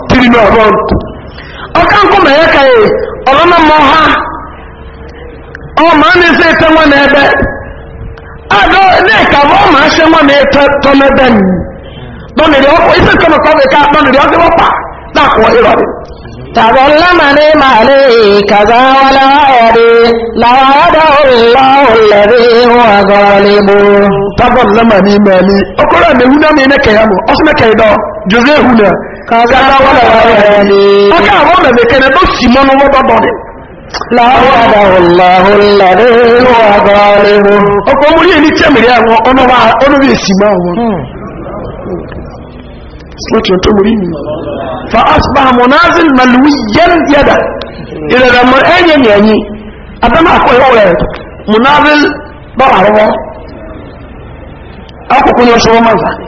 tiri na ɔbɔ ɔka nkɔmɔ yi na ha maa mi nsa ɛtɛ na ɛbɛ adɔ ne maa hyɛ na ɛtɛ tɔ na ɛbɛ ɔkɔ ɛsɛ ka dɔnni ọ ɔkɔ ɔpa na akɔ ɛrɔ de. تظلم كذا ولا يدي لو الله الذي هو ظالم تظلم josehuna kaza wala wali aka wala de kene do simono mo do dole la wada wallahu alladhi huwa zalimu oko muri ni chemiri awo ono wa ono bi sima awo soti to muri ni fa asbaha munazil malwiyan yada ila da mun enye ni anyi adama ko yo wala munazil ba arwa akoko ni so manza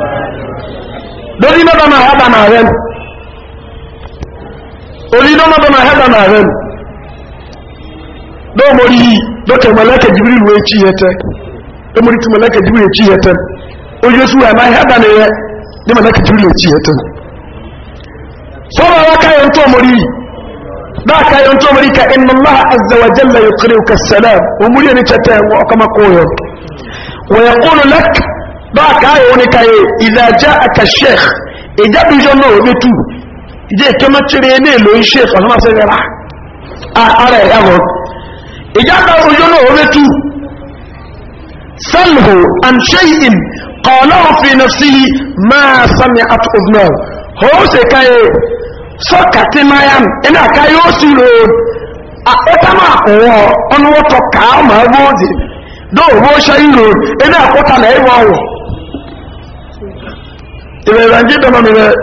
lórí mọ́tọ́ náà hábà náà rẹ̀ orí mọ́tọ́ náà hábà náà rẹ̀ lọ́wọ́ mọ́rí yìí lọ́kẹ̀ mọ́lẹ́kẹ̀ jìbìrì ìwé ẹ̀kí yẹ tẹ́ lọ́mọ́rí tí mọ́lẹ́kẹ̀ jìbìrì ẹ̀kí yẹ tẹ́ oye sùn àná hábà náà yẹ ní mọ́lẹ́kẹ̀ wa ka báàkà ayò ní kàyè ìdájá àkà sheikh ìjábíjọ náà omi tù ìjẹ́ ìkẹ́mọ́tìrì ní èlò sheikh ọ̀nà máa sẹ́rẹ̀ rà ara ẹ̀ yàgò ìjábá ojó náà omi tù sálùhù and shay'in kọ̀ọ̀lọ́ òfin sí máa sami at of now ó sì kàyè sọ́kàtí mayan ẹni àkàyè ó sì rò ẹ̀ta máa kọ̀wọ́ ọ̀nà wọ́tọ̀ kàá máa gbóòdì dóòwò ṣe ìrò ẹni àkọ́ta lẹ́yìn wọ́wọ́ ìrẹ̀rànjẹ́ dandan rẹ̀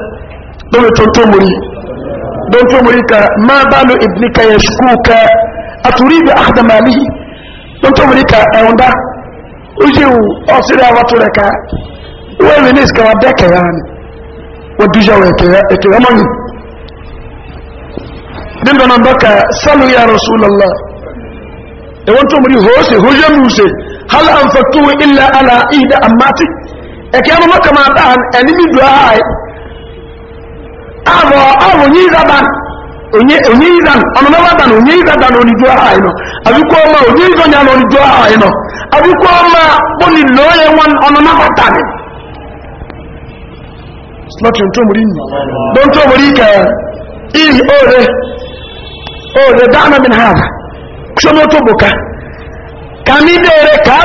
lórí tuntun múrí tuntun múrí ka máa bá lo ìbìnníkà yẹn sukú ka àtúrí ibi àkàdàmàlì tuntun múrí ka ẹ̀hún dá ojú ọ̀sílẹ̀ àwọn tó rẹ̀ ka wọ́n rìn ní ìsìkàwà bẹ́ẹ̀ kẹ̀yà ni wọ́n dújọ́ ètò ẹ̀mọ́ ni nígbà náà bá ka sálù yà rasulallá ẹ̀wọ́n tó múrí hóòsè hóòsè mùsè hálà àǹfàtúwé ilẹ̀ àlà ìdá àmátì ẹ̀kẹ́ ọmọ mọ́kànmá tán ẹni nídùú ààyè ààbọ̀ ààbọ̀ onye bụ onye ìzàn ọmọ mọ́kànmá onye ìzàdàn onídùú ààyè nọ àbíkú ọmọ onye ìzọnyà nọ onídùú ààyè nọ àbíkú ọmọ bọ́ni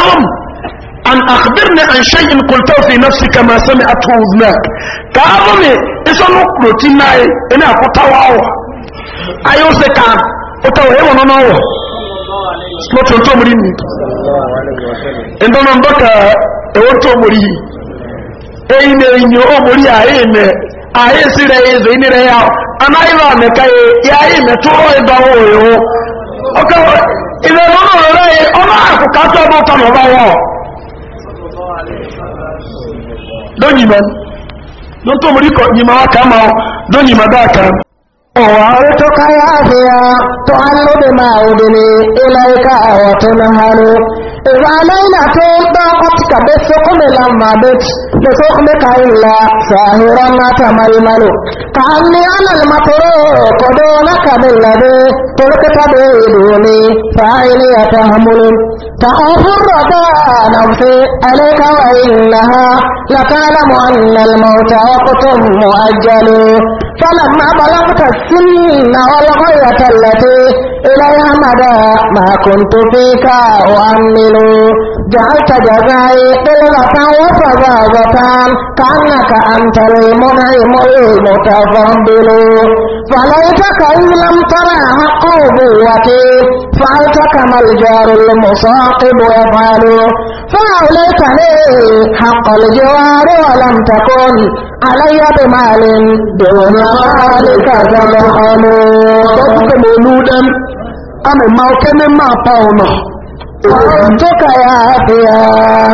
wọn أن أخبرني عن شيء قلته na نفسك ما سمعته أذناك كأظني إذا نقل تناي إنا كتواو أيوسك muri ni. Ndo na mboka ewo to muri. Eyi inyo o muri aye me. Aye sire ezo ini re ya. ya aye me to o yo. Oka ile no no re ona ku ka no ba don yi man don to muri ko yi ma waka ma don yi ma da ka وعرتك العافية تعل بما أدني إليك وتنهل إذا ليلة ضاقتك بالسقم لما بت بسخمك إلا ساهرا أتململ تعني أنا المطروق دونك بالذي تركت به دوني فعيني تهمل تخاف الرضا نفسي عليك وإنها لتعلم أن الموت وقت مؤجل فلما بلغت السن والغية التي إليها مدى ما كنت فيك أؤمل جعلت جزائي بلغة وفظاظة وكان كأنك أنت المنعم المتفضل فليتك إذ لم ترى حق قوتي فعلت كما الجار المصاقب يفعل فأوليتني حق الجوار ولم تكن علي بمال دون ذلك تبخل صدق مولودا أم ما ما طونه وأنتك يا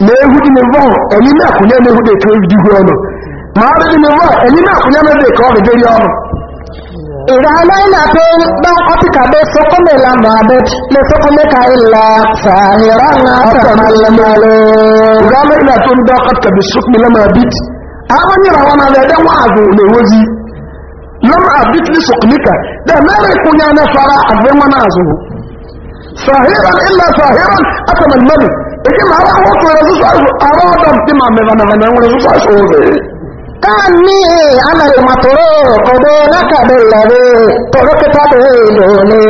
n'ehu ahụ na-akwụnye dị eke ebi ọnụ ọrụ enyi na-akwụnye n'ehu dị ka ọrụ dị ọnụ. ìrànlẹ́ ìlàpé bá ọ́pìkà bẹ́ sọ́kọ́mẹ̀ lànà àbẹ́ lè sọ́kọ́mẹ̀ ká sàhìrà ńlá ń bá àwọn yìí tí dẹ́ mẹ́rin náà náà sàhìrà ńlá sàhìrà èyí máa wá wọ́n tó ẹ̀rọ sọ́sọ́ tí máa mẹ́fà mẹ́fà mẹ́fà wọ́n sọ́sọ́ ẹ̀sọ́ òbẹ̀. Tani amẹ̀rẹ̀ màtòrò kọ̀dọ̀ lákàdé lọ́rẹ́ tọ̀rọ̀ kẹta bẹ́ẹ̀ lónìí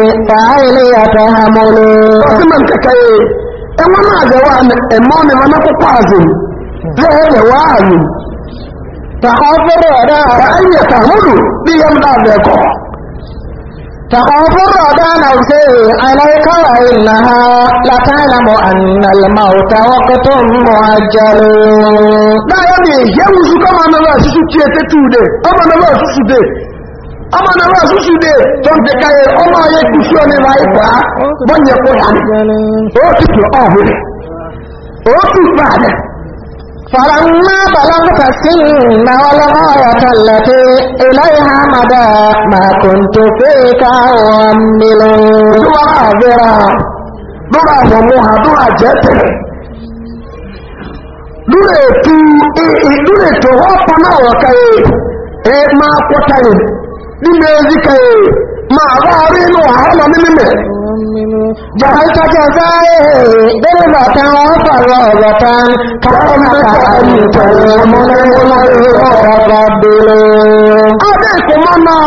تخاف الرعدان أوسيه عليك وإنها لتعلم أن الموت وقت مؤجل لا يعني يوزو كما نرى سسوتي تتودي أما نرى سسودي أما نرى سسودي تنتي كاي أما يكسوني رايقا بني قرآن أوتي تؤهل أوتي بعد فلما بلغت السن والغاية التي إليها مدى ما كنت فيك أؤمل معذرا lórí àwọn ọmọ àdúrà jẹ́tẹ̀ lórí ètò lórí ètò ọ̀pọ̀ náà wọ̀ká yìí ẹ máa pọ̀tà yìí nínú ẹ̀zíkà yìí máa bá rí inú wàhálà nínú mẹ́rin جعلت جزائي ضربة وفراغة كأنك أنت المنعم المتقبل عليكم أنا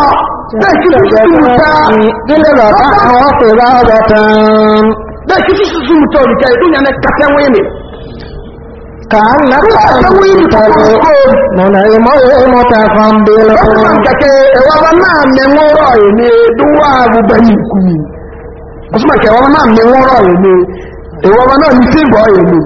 ضربة وفراغة لكن تسلم تولك الدنيا أنك كتاويني كأنك أنت المنعم المتقبل كأنك أنت المنعم المتقبل ọsùnmọ̀kì ẹ̀wọ́n náà mi wọ́rọ̀ èmi ìwọ́n náà mi sí ìgbọ́ èmi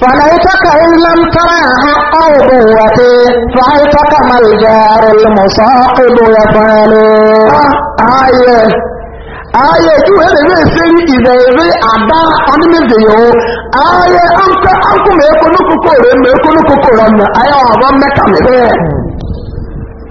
fàlàyétọ́kà ìlàmtara àhá ọ̀rọ̀ wàtí fàlàyétọ́kà màlìjàrò lọ́mọ̀sá ọ̀dọ̀ wàfàlẹ̀ ààyè ààyè ìjúwèé rèé sí ìzẹ̀ ìrí àbá ọdúnmẹ́sẹ̀ yòó ààyè ọ̀nkọ́ ọ̀nkọ́ mẹ́kọ́nù kókó rẹ̀ mẹ́kọ́nù kókó rẹ̀ mẹ́ àyà ọ̀bọ̀ mẹ́kà mẹ́bẹ́ẹ̀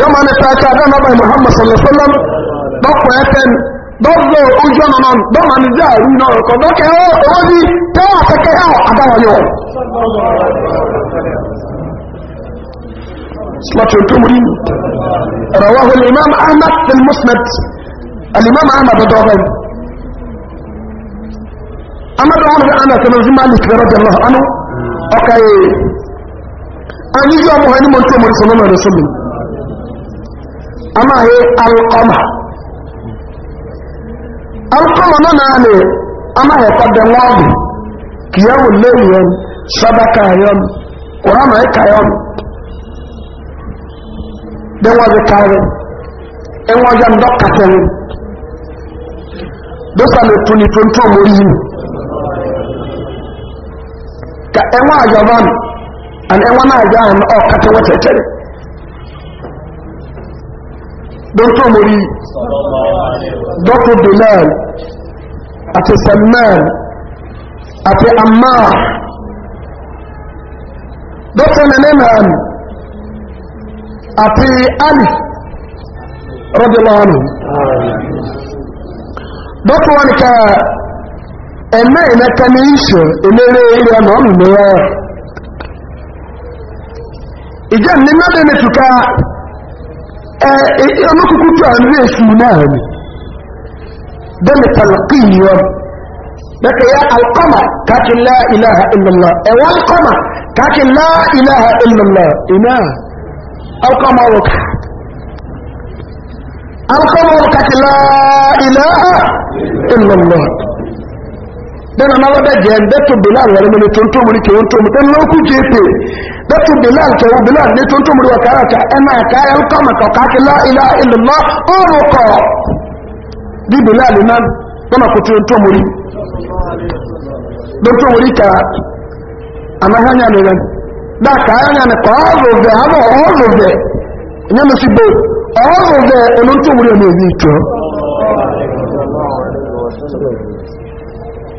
جمع نتاكا دانا باي محمد صلى الله عليه وسلم بقوا يتن بضو اجوانا نان دانا نزا اينا ركو دوك اهو اولي تاو تاك اهو عدا ويو صلاة التمرين رواه الامام احمد في المسند الامام احمد الدوغي اما دعونا انا تنظيم عليك رضي الله عنه اوكي انا يجوى مهيني من تمرين صلى amaghị alụkọma alụkọma nọ naanị amaghị kwado nwa ọgwụ ka ya wule ya sadaka ya kwụrụ na ịka ya dị nwazi karị enwaja ndọ kasịrị dosa na etu tuni tuntu omori yi ka enwa ajọban and enwa na ajọ ahụ ọ kasị wechere dọ́tọ̀ mori dọ́tọ̀ bilal àti salman àti ammar dọ́tọ̀ neneman àti ali rọ́dọ̀lọ́nù dọ́tọ̀ wọn ká ẹ̀mẹ́ ìlẹ́ka ní ìṣọ̀ eléré ilẹ̀ ọ̀nà ọ̀nà ìjẹ́ nínú ẹ̀mẹ́ tuka ọlọ́kùnkùn tí a ń náà ni dẹ́mi tàlàkì yọ bẹ́ẹ̀ alkọ́mà káàkì láìláha ìlọ́lọ́ ẹ̀wọ́ alkọ́mà káàkì láìláha ìlọ́lọ́ iná alkọ́mà wọ́kà alkọ́mà wọ́kà láìláha ìlọ́lọ́ dana ma wada jen datu bilal wala mun tonto muri ke wonto mu dan loku jefe datu bilal ka wo bilal ne tonto muri wa kara ka ana ka yal ka ka la ilaha illallah urqa oh, bi bilal nan dana ku tonto muri tonto muri ka hanya ne da ka hanya ne ko ro ro ro onto muri ne ni to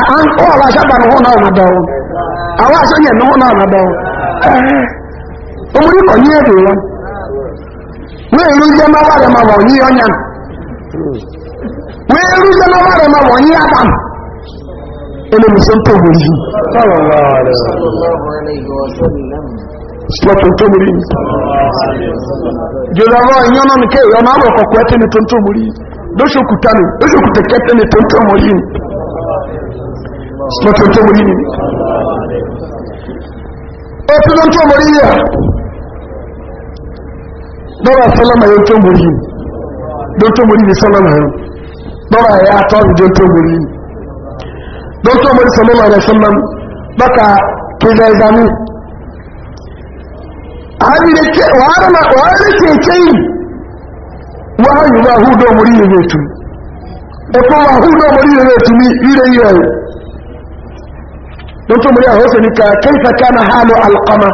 ọ wa sábà ní hóná ọ̀nà dọ̀wọ́ àwọn àṣẹyẹ ní na ọ̀nà dọ̀wọ́ ọmọdé kọ̀ ní èdè wọn wọ́n èrú jẹ́ máa wà rẹ̀ máa wọ̀ ní ọ̀nyà wọ́n èrú jẹ́ máa wà rẹ̀ máa wọ̀ ní adam ẹlẹ́mìsẹ́ tó wù yìí slọ́tún tó múrí jọlọ́wọ́ ìyọ́nà nìkẹ́ ìyọ́nà àwọ̀kọ̀kọ̀ ẹ̀tẹ́ ni sọ́tún tó mọ̀rí nìyí ó tí ló ń tó mọ̀rí yà lọ́wọ́ sọ́lọ́mà yóò tó mọ̀rí yìí ló tó mọ̀rí ní sọ́lọ́mà yóò lọ́wọ́ àyà àtọ́ baka kéjà ìdámú wàhálà kèké yìí wàhálà yìí wàhúdó mọ̀rí yìí ètù ẹ̀kọ́ wàhúdó mọ̀rí yìí don muri a hausa nika kai fa kana halu alqama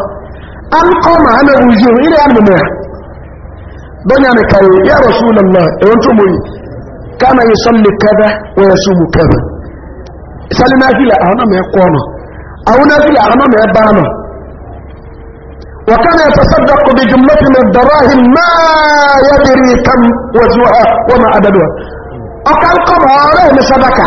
alqama ana wujuhu ila almumiya don ya nika ya rasulullah e don to muri kana yusalli kaza wa yasumu kaza sali nafila a hana mai kono a wani nafila a hana mai bana wa kana yatasaddaqu bi jumlatin min darahim ma yadri kam wajuha wa ma adaduha akan qama ala sadaka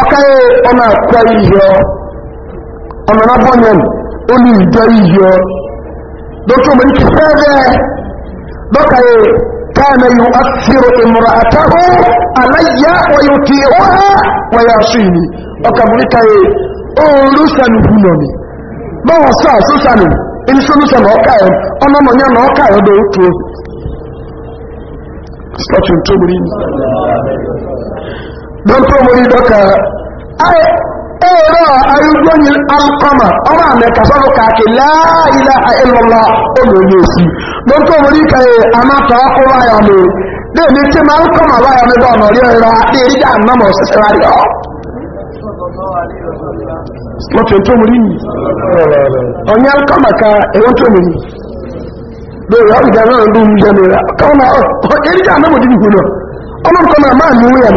ọka ya ọ na-akwa ihe ọ nọ na bọnyọ olu ide ihe dọkịta ọmọ ike fere dọka ya kaana ya ọyọ ti ọha wọya asụ ihe ọka bụ ya e, o ru sanu hu nọ mi ọ sọ asụ sanu e, ọ nọ nọ ya na don to mori doka ai ẹ̀rọ ayúgbóyin alkọmà ọmọ àmẹ́ka sọ́rọ̀ kàkì láàílá àìlọ́lá olóyè sí don mori kàyẹ àmàtà ọkọ̀ wáyà mi lèmi tí ma alkọmà wáyà mi bọ́ ọ̀nà rí ẹ̀rọ àti ìrìjà àmàmọ̀ ṣiṣẹ́ rárí ọ́ lọ́tọ̀ tó mori yìí ọ̀nyẹ́ alkọmà ka ẹ̀rọ tó mori lórí ọ̀gbẹ̀rẹ̀ ọ̀dún jẹ́ mi rà kọ́nà ọ̀rìjà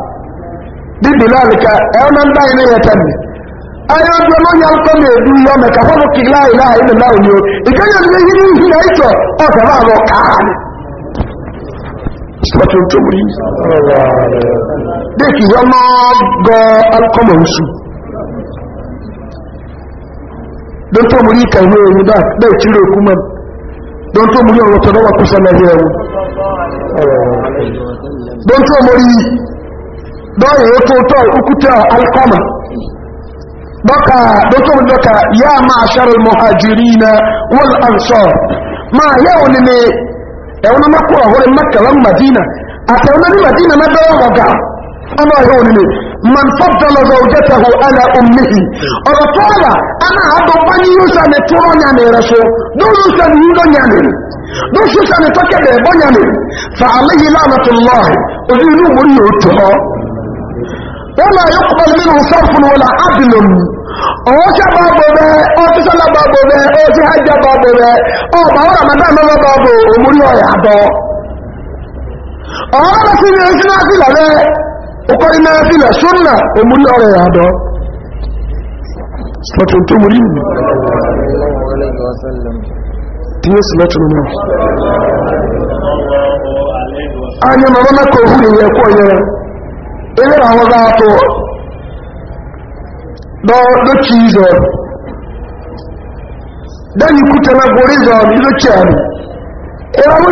bíbí náà nìkan ẹ̀rọ náà ń bá ilé yẹn tẹ̀lé ayé ọdún ọlọ́yà ń tọ́ mi èdú yọ mẹ́ka fọ́nù kì láì láì nínú náà yóò na ní yí ní ìhìn náà ìtọ̀ ọ̀sẹ̀ máa lọ káà ni. sọ́tò tó wù yí. bí kì yọ mọ́ gọ alukọ́mọ̀ oṣù. dóńtò mú yí kàwé ẹ̀yìn náà bẹ́ẹ̀ tí rẹ̀ kú mọ́ dɔw ye totɔ ukuta alikɔma dɔka dɔtɔ dɔka yaa maa sari muhajirina wal ansɔr ma yawo e ni ne ɛwɔn ma kura hɔrɔn maka kalan madina atɛwɔn madina na dɔw ma gaa ama yawo ne man fɔdala dɔw ala umihi ana a dɔn yusa ne tɔɔrɔ nya so yusa ne yundɔ ne yusa ne tɔkɛ bɛɛ bɔ ne fa ولا يقبل منه صرف ولا عدل ọ̀ọ́ṣẹ́ bàbò rẹ̀ ọ́tíṣọ́lá bàbò rẹ̀ ọ́ṣẹ́ hajjá bàbò rẹ̀ ọ̀bà ọ̀rọ̀ mẹ́bẹ̀mẹ́bẹ̀ bàbò òmúrí ọ̀yà àdọ́ ọ̀ọ́rọ̀ sí ní ọrụ náà sílẹ̀ rẹ̀ ọkọ̀ ebe na ahụ atụ n'ochi izo dani kute na gori izo n'izochi ebe ahụ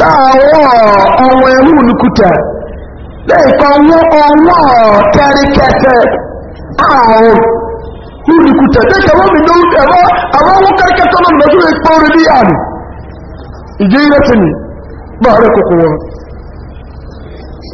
na awọ ọnwa elu nukuta na ikọ ọnwa ọnwa tẹri kẹtẹ ahụ nukuta dịka wọn bidoro ebe àwọn ọnwa kẹrịkẹtọ na ekpe dị tini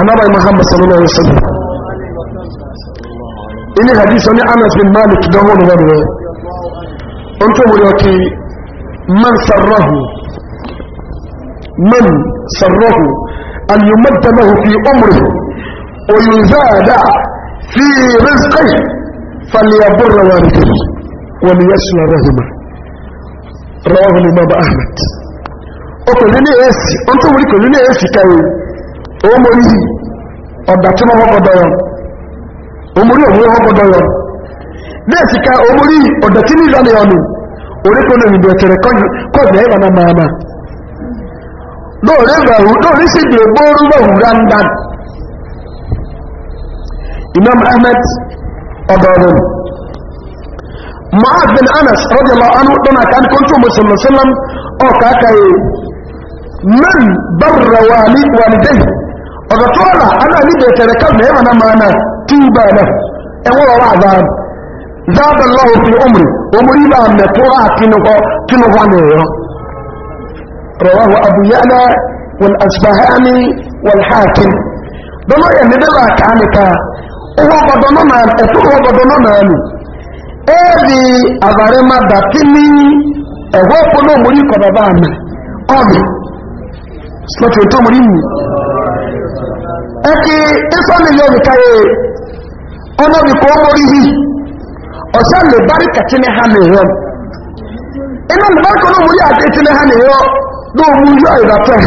أنا أبا محمد صلى الله عليه وسلم إني حديث أني أنس بن مالك دهون ورغو أنت مريكي من سره من سره أن يمد له في أمره ويزاد في رزقه فليبر والده وليسوى رهما رواه الإمام أحمد أنت مريكي أنت مريكي أنت مريكي omori ọ̀dàtúnmọ́ ọgọ́dọ̀yọ omori òwúrọ̀ ọgọ́dọ̀yọ lẹ́ẹ̀sì ká omori ọ̀dàtúnmọ́ ìdánilọ́nù oríkọ́nà ìdò ẹ̀tẹ̀rẹ̀ kọ́ọ̀dẹ̀ ẹ̀bà na máa máa lóòrí sí ìdè gbóòrú lọ́wù rándan imam ahmed ọ̀dọ̀rọ̀ معاذ بن أنس رضي الله عنه دون كان كنت صلى الله عليه وسلم أو كاكاي من بر والديه ọ̀dọ̀tọ́ọ̀là anáàlì bẹ̀ẹ̀tẹ̀rẹ̀ kalmà yẹ́ mana mana tí ibà náà ẹwọ́ ọ̀rọ̀ àbáyé zábẹ̀lá òfin omri omri ibà mẹ́tọ́ àtinúkọ tínúkọ nìyọ rọwáhu abuyala wọn asibahani wọn hakim dọ́nà yẹn ní bẹ́ẹ̀ kà á nìka owó ọgbọdọ náà ọgbọdọ náà nà nù ẹ̀ẹ́dì àbárẹ́mà dàtí náà Eke ìsọ́nì yóò káyé ọmọ bí kò mórí hì ọ̀sán lè bari kàtí ní ha nìyọ iná lè bárí kọ́nà mórí àti ìtì ní ha nìyọ lóò mú yọ ìdàpẹ́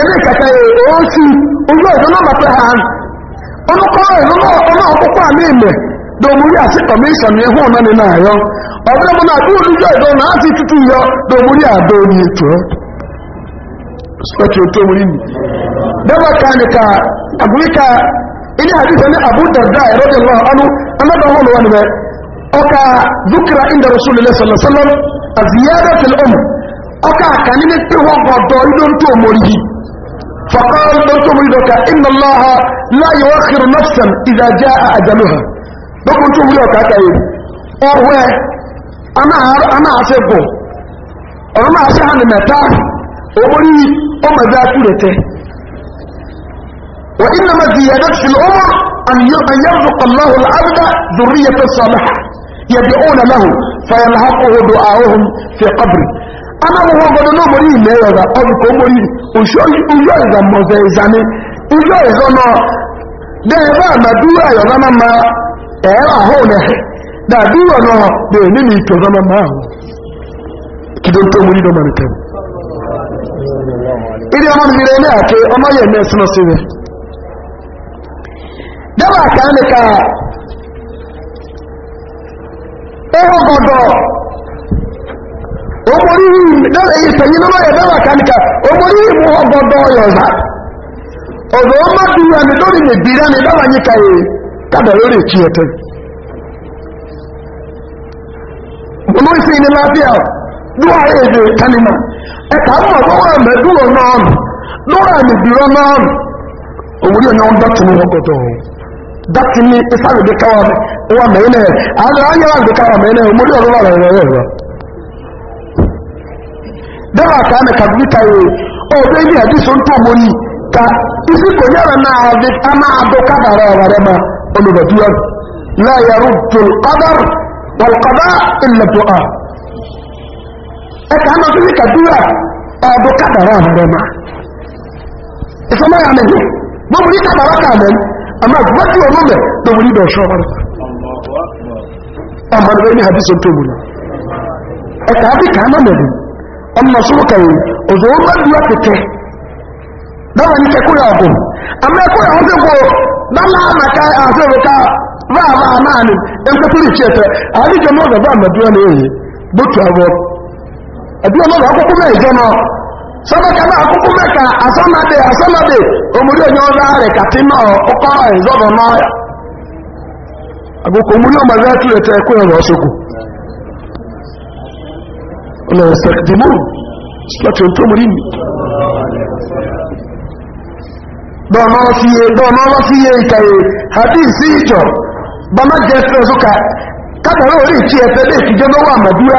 ẹbí kàtà yìí ó sì ojú ha ọmọ kọ́nà ìlú ọmọ ọkọ̀kọ́ àmì ìmẹ̀ lóò mú yọ àti kọ̀míṣọ̀n ní náà náà tútù yọ sọ́tù tó wuri ni dábàá ká ní ká àgbé ká ilé àdìsẹ́ ní abu darda ẹ̀rọ jẹ́ lọ́wọ́ ọ̀nù anábàáwọ̀ lọ́wọ́ ni bẹ́ ọkà dúkìrà ìndà rasulillah sallallahu alaihi wasallam àzìyáda fil ọmọ ọkà àkàní ní pé wọ́n gbọ́dọ̀ ilé ń tó mọ̀ yìí fọ́kọ́ ló tó mọ̀ yìí dọ̀ka iná lọ́ha láyé wọ́n kiri nọ́fṣàn ìdájá àjálù ha dọ́kun tó wuri ọkà kàyé ọ̀wẹ́ anáhàṣẹ́ bọ̀ ọ̀rọ̀ náà ṣe hàn mẹ́ta omori ọmọ ẹgbẹ́ akúrẹ̀tẹ́ wà ní nàmà ziyadá fi lọ́wọ́ àyẹ̀wò kọ̀láhù lábúdá lórí yẹtọ̀ sọ́lọ́hà yẹbi ọ̀nà láhù fàyàlhákòhò do àhóhùn fi kọ́bìrì anáwòwò gbọdọ̀ náà mọ̀rí ilẹ̀ ọ̀rọ̀ ọdún kò mọ̀rí ojú ọ̀rọ̀ mọ̀zẹ̀ ìzàní ojú ọ̀rọ̀ náà dẹ́ẹ̀bá àmàdúrà yọ̀nà máa ẹ̀rọ àhóhùn ẹ̀hẹ̀ dàdúrà náà dẹ̀ nínú ìtọ̀ náà máa kí ló ń tó mọ̀rí náà mọ̀rí tẹ̀wọ̀ ìdí ọmọ nìyẹn ní àké ọmọ yẹn mẹ́ẹ̀ sínú sí mi dábàá kan nìka ohun gbọdọ omori yìí sẹyìn náà yẹ dábàá kan nìka omori yìí mú ọ gbọdọ yọ̀ọ̀sà ni ni ka yìí dúwà èdè tẹnimọ̀ ẹ̀ka mọ̀ tó wà dúró náà nù lórí àmì dúró náà nù òwúrí ọ̀nà ọ̀n dátìní ọgọ́dọ̀ dátìní ìsàlùdé káwà mẹ́rin ẹ̀ àádọ́ ayé wà káwà mẹ́rin ẹ̀ òmúrí ọ̀rọ̀ rẹ̀ rẹ̀ rẹ̀ dẹ́wà ká mẹ́ka bí káyé ẹ̀dí sọ tó mọ́ ka isi kò náà máa dọ́ ọ̀rọ̀ rẹ̀ ma ẹka ama fi ka dura ọdún kadara ọhụrụ ma ìfọmọ ya mẹni mo mú ní kadara ká ọmọdé ní hadith tó ẹka ama ọmọ ọmọ kẹkẹ ní kẹkọ ya ọgùn àmà ẹkọ ya ọdún kọ dálá àmàkà àti òrùka bá a bá náà ni ẹnkẹtọ lè ẹtẹ àdìjọ mọ ẹbí ọmọ àkókò mẹ́ ìjọ náà sọ́dọ̀kẹ́ náà àkókò mẹ́ka asọ́nàdé asọ́nàdé omori onye ọdọ rẹ̀ kàtí náà ọkọ̀ ìzọ́dọ̀ náà àgùkò omori ọmọ rẹ̀ tún lè tẹ ẹ̀rọ ọ̀ṣọ́kù ọ̀nà ìsẹ̀kìdìmù sílọ̀tì ohun tó mi dọ̀nà ọlọ́fíye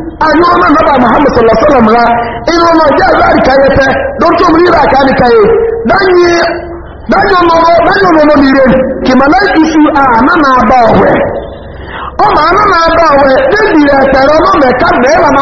anyị ọma naba muhammad sallallahu alaihi ra ịnụ ọma ndị azụ efe dọtụ omiri ire aka arịkaghị danye danye ọnọrọ danye ọnọrọ n'ire a na-aba ọhwe ọ ma na-aba ọhwe debiri ekpere ọnụ meka na ịla na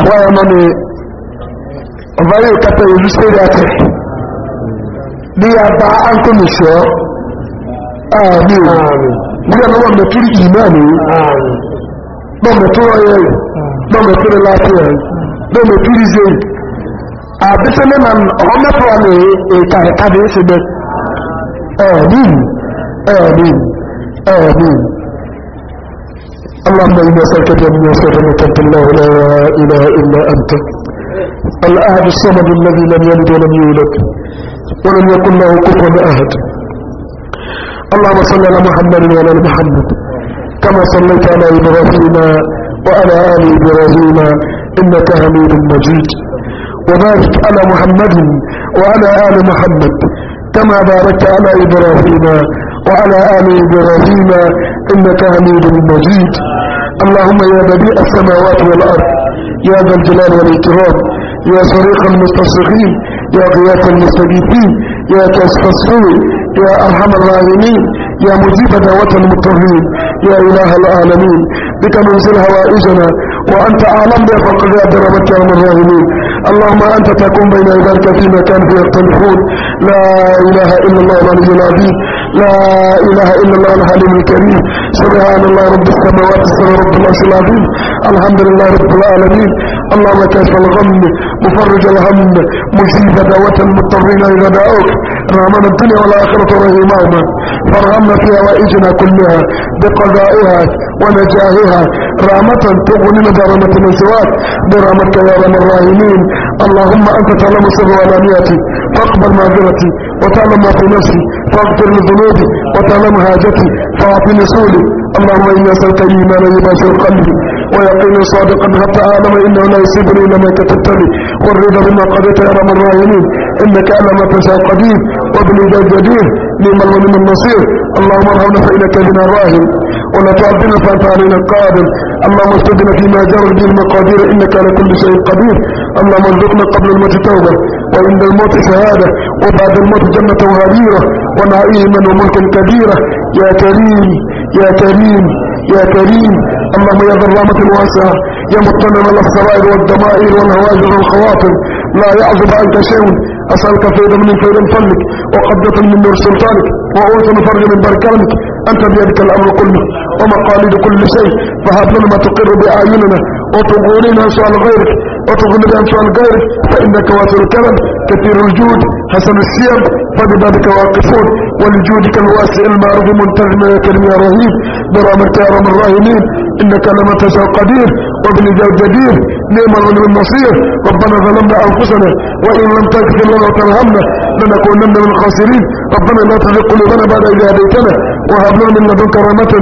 abayewa ma ne ɔbaa yɛ kata yɛlu sɛri ate ne yɛ aba anko ne hyɛ aami ne yɛ ma mɛtiri imaani ma mɛtiri ɔyɛ ma mɛtiri lafiya ma mɛtiri zeyi abisɛ ne ma ɔmɛfɔ ne eka eka de esi bɛ ɛɛmi ɛɛmi ɛɛmi. اللهم إنا سألك جميع سر أنت الله لا إله إلا أنت الأحد الصمد الذي لم يلد ولم يولد ولم يكن له كفوا أحد اللهم صل على محمد وعلى ال محمد كما صليت على إبراهيم وعلى آل إبراهيم إنك حميد مجيد وبارك على محمد وعلى آل محمد كما باركت على إبراهيم وعلى آل إبراهيم إنك حميد مجيد اللهم يا بديع السماوات والأرض يا ذا الجلال والإكرام يا صريق المستصرخين يا غياث المستغيثين يا كاشف يا أرحم الراحمين يا مجيب دعوة المضطرين يا إله العالمين بك منزل هوائجنا وأنت أعلم بفقد أدربك يا الراهبين اللهم أنت تكون بين عبادك في مكان في يختلفون لا إله إلا الله العلي العظيم لا إله إلا الله الحليم الكريم سبحان الله رب السماوات السماء رب العرش العظيم الحمد لله رب العالمين اللهم كاشف الغم مفرج الهم مجيب دعوة المضطرين إذا دعوك رغمنا الدنيا والآخرة رغمهما فرغمنا في هوائجنا كلها بقضائها ونجاهها رحمة تغنينا برحمة من سواك برحمتك يا رب الراحمين اللهم أنت تعلم سر علانيتي فاقبل معذرتي وتعلم ما في نفسي فاغفر لذنوبي وتعلم حاجتي فاعطني سولي اللهم إني أسألك إيمانا يباشر قلبي ويقين صادقا حتى أعلم إنه لا يصيبني إلا ما كتبت لي والرضا بما قضيت يا رب الراحمين إنك على ما تشاء قدير وبالإيجاد جدير نعم لمن ومن النصير اللهم ارحمنا فإنك بنا راهب ولا تعبدنا فأنت علينا القادر اللهم استدنا فيما جرت به المقادير إنك على كل شيء قدير اللهم ارزقنا قبل الموت توبة وعند الموت شهادة وبعد الموت جنة وهريرة ونعيما وملكا كبيرة يا كريم يا كريم يا كريم اللهم يا ذرامة الواسعة يا مطلب السرائر والضمائر والهواجر والخواطر لا يعجب عنك شيء أسألك فيدا من فيدا فلك وقبضة من نور سلطانك وأوت من فرج من بركانك أنت بيدك الأمر كله ومقاليد كل شيء فهب لنا ما تقر بأعيننا وتغورنا سؤال غيرك وتغفر بأن عن غيرك فإنك واسع الكرم كثير الجود حسن السير فبذلك واقفون ولجودك الواسع المعروف منتظم يا كريم يا رهيب برحمتك يا رب الراهنين إنك لما تشاء قدير وبالإجابة جدير نعم الرجل النصير ربنا ظلمنا أنفسنا وإن لم تغفر لنا وترحمنا لنكونن من الخاسرين ربنا لا تزغ قلوبنا بعد إذ هديتنا وهب لنا من لدنك رحمة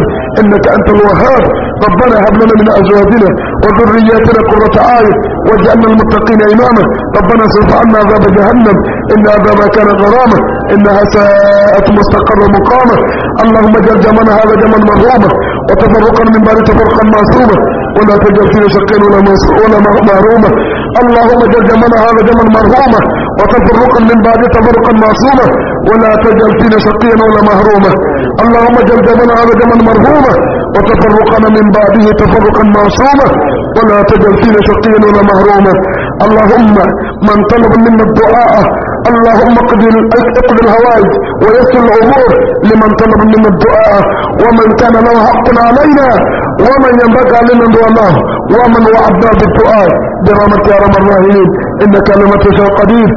إنك أنت الوهاب ربنا هب لنا من ازواجنا وذرياتنا قرة اعين واجعلنا المتقين اماما ربنا صرف عنا عذاب جهنم ان عذابها كان غراما انها ساءت مستقرا مقاما اللهم اجعل جمعنا هذا جمعا مرغوبا وتفرقا من بعد تفرقا معصوما ولا تجعل فينا شقين ولا ولا مهروما اللهم اجعل جمعنا هذا جمعا مرغوما وتفرقا من بعد تفرقا معصوما ولا تجعل فينا شقيا ولا مهروما اللهم اجعل جمعنا هذا جمعا مرغوما وتفرقنا من بعده تفرقا معصوما ولا تجعل فينا شقيا ولا مهروما اللهم من طلب منا الدعاء اللهم اقضي اقضي الهوائج ويسر الامور لمن طلب منا الدعاء ومن كان له حق علينا ومن ينبغي علينا دعاء ومن وعدنا بالدعاء برحمتك يا رب الراحمين انك لما تشاء قدير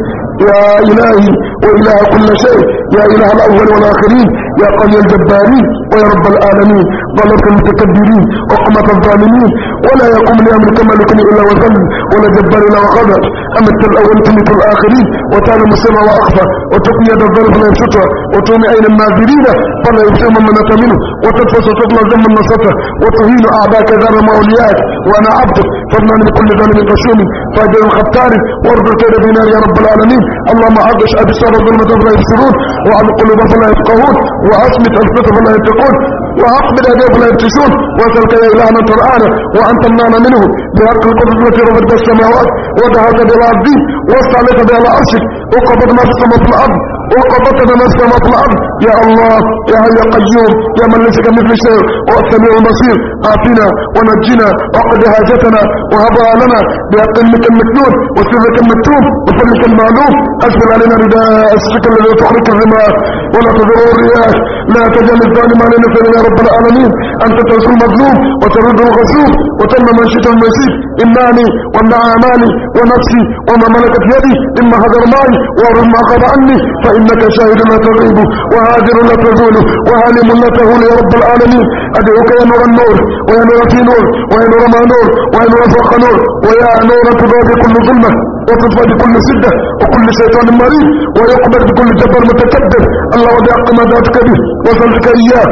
يا الهي واله كل شيء يا اله الاول والاخرين يا قوي الجبارين ويا رب العالمين ظلمت المتكبرين وقمة الظالمين ولا يقوم لأمرك ملك إلا وذل ولا جبار إلا وغضب أمت الأول تمت الآخرين وتعلم السر وأخفى وتقوم يد الظلم لا يبسطها وتوم عين الناذرين فلا يبسم من منك منه وتدفس شكل ذم النصطة وتهين أعداك ذر مولياك وأنا عبدك فاضمن بكل ظالم غشوم فاجر الخطار وارض كيد بنار يا رب العالمين اللهم عدش أبي سارة ظلمة فلا يبصرون وعن قلوب فلا يفقهون واثبت القسم التي تقول وأقبل أبيه لا يبتشون وأسألك يا إله من ترآنا وأنت تمنعنا منه بحق القدرة التي رفضت السماوات ودعت بالعرض واستعليت بها عرشك وقبض ما في السماء في الأرض وقبضت بما في السماء في الأرض يا الله يا هيا قيوم يا من ليس كمثل شيء والسميع المصير آتنا ونجنا وقد هاجتنا وهبها لنا بأقلك المكنون وسرك المكتوم وفلك المعلوم أسبل علينا رداء السكر الذي تحرك الرماء ولا تضر الرياح لا تجل الظالم علينا في رب العالمين أنت تنصر المظلوم وترد الغشوم وتم من شئت المسيح إماني وامنع أماني ونفسي وما ملكت يدي إما هدر معي وارم أخذ عني فإنك شاهد لا تغيب وهادر لا تزول وعالم لا تهول يا رب العالمين أدعوك يا نور النور ويا نور في نور ويا نور ما نور ويا نور فوق نور ويا نور تضاد كل ظلمة وتطفى بكل سدة وكل شيطان مريض ويقبل بكل جبار متكبر الله وضع ذاتك به وصلتك إياه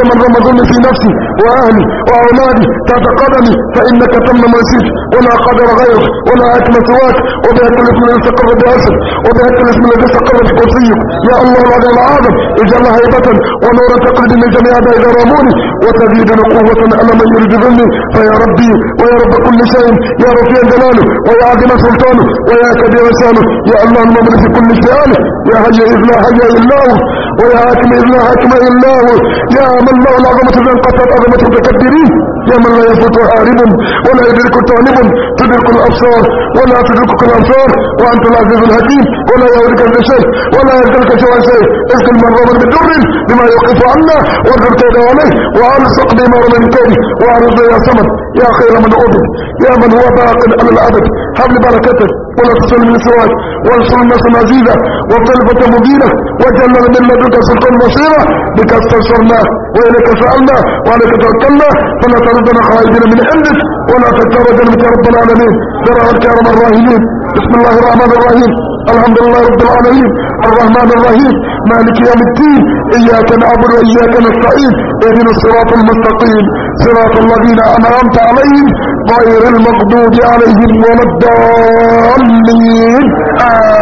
كان من رمضني في نفسي وأهلي وأولادي تحت قدمي فإنك تم ما شئت ولا قدر غيرك ولا حكم سواك وبهت الاسم الذي استقر بأسر وبهت الاسم الذي استقر بكرسيك يا الله العلي العظم اجعل هيبة ونورا تقلب من جميع دائرة راموني وتزيدني قوة على من يريد ظلمي فيا ربي ويا رب كل شيء يا رفيع جلاله ويا عظيم سلطانه ويا كبير شانه يا الله المؤمن في كل شيء يا حي إذ لا حي إلا هو ويا حاكم إذ لا حاكم إلا هو يا الله العظمة المنقطع عظمة المتكبرين يا من لا يفوت هارب ولا يدرك طالب تدرك الأبصار ولا تدرك الأبصار وأنت العزيز الحكيم ولا يهلك أنت ولا يهلك سوى شيء اسكن من رمل بدر بما يوقف عنا وارجل كيد عليه وألصق بما من كيد وعلى يا صمد يا خير من عبد يا من هو باق على الأبد حبل بركتك ولا تسلم لسواك وانصر الناس عزيزة وطلبة مبينة وجلل من لدنك سلطان مصيرة بك استنصرنا وإليك سألنا وعليك توكلنا فلا ترد ربنا خارجنا من عندك ولا تترجنا بك رب العالمين ترى الكرم الراهنين بسم الله الرحمن الرحيم الحمد لله رب العالمين الرحمن الرحيم مالك يوم الدين إياك نعبد وإياك نستعين اهدنا الصراط المستقيم صراط الذين أنعمت عليهم غير المغضوب عليهم ولا الضالين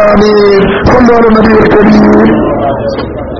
آمين صلوا على النبي الكريم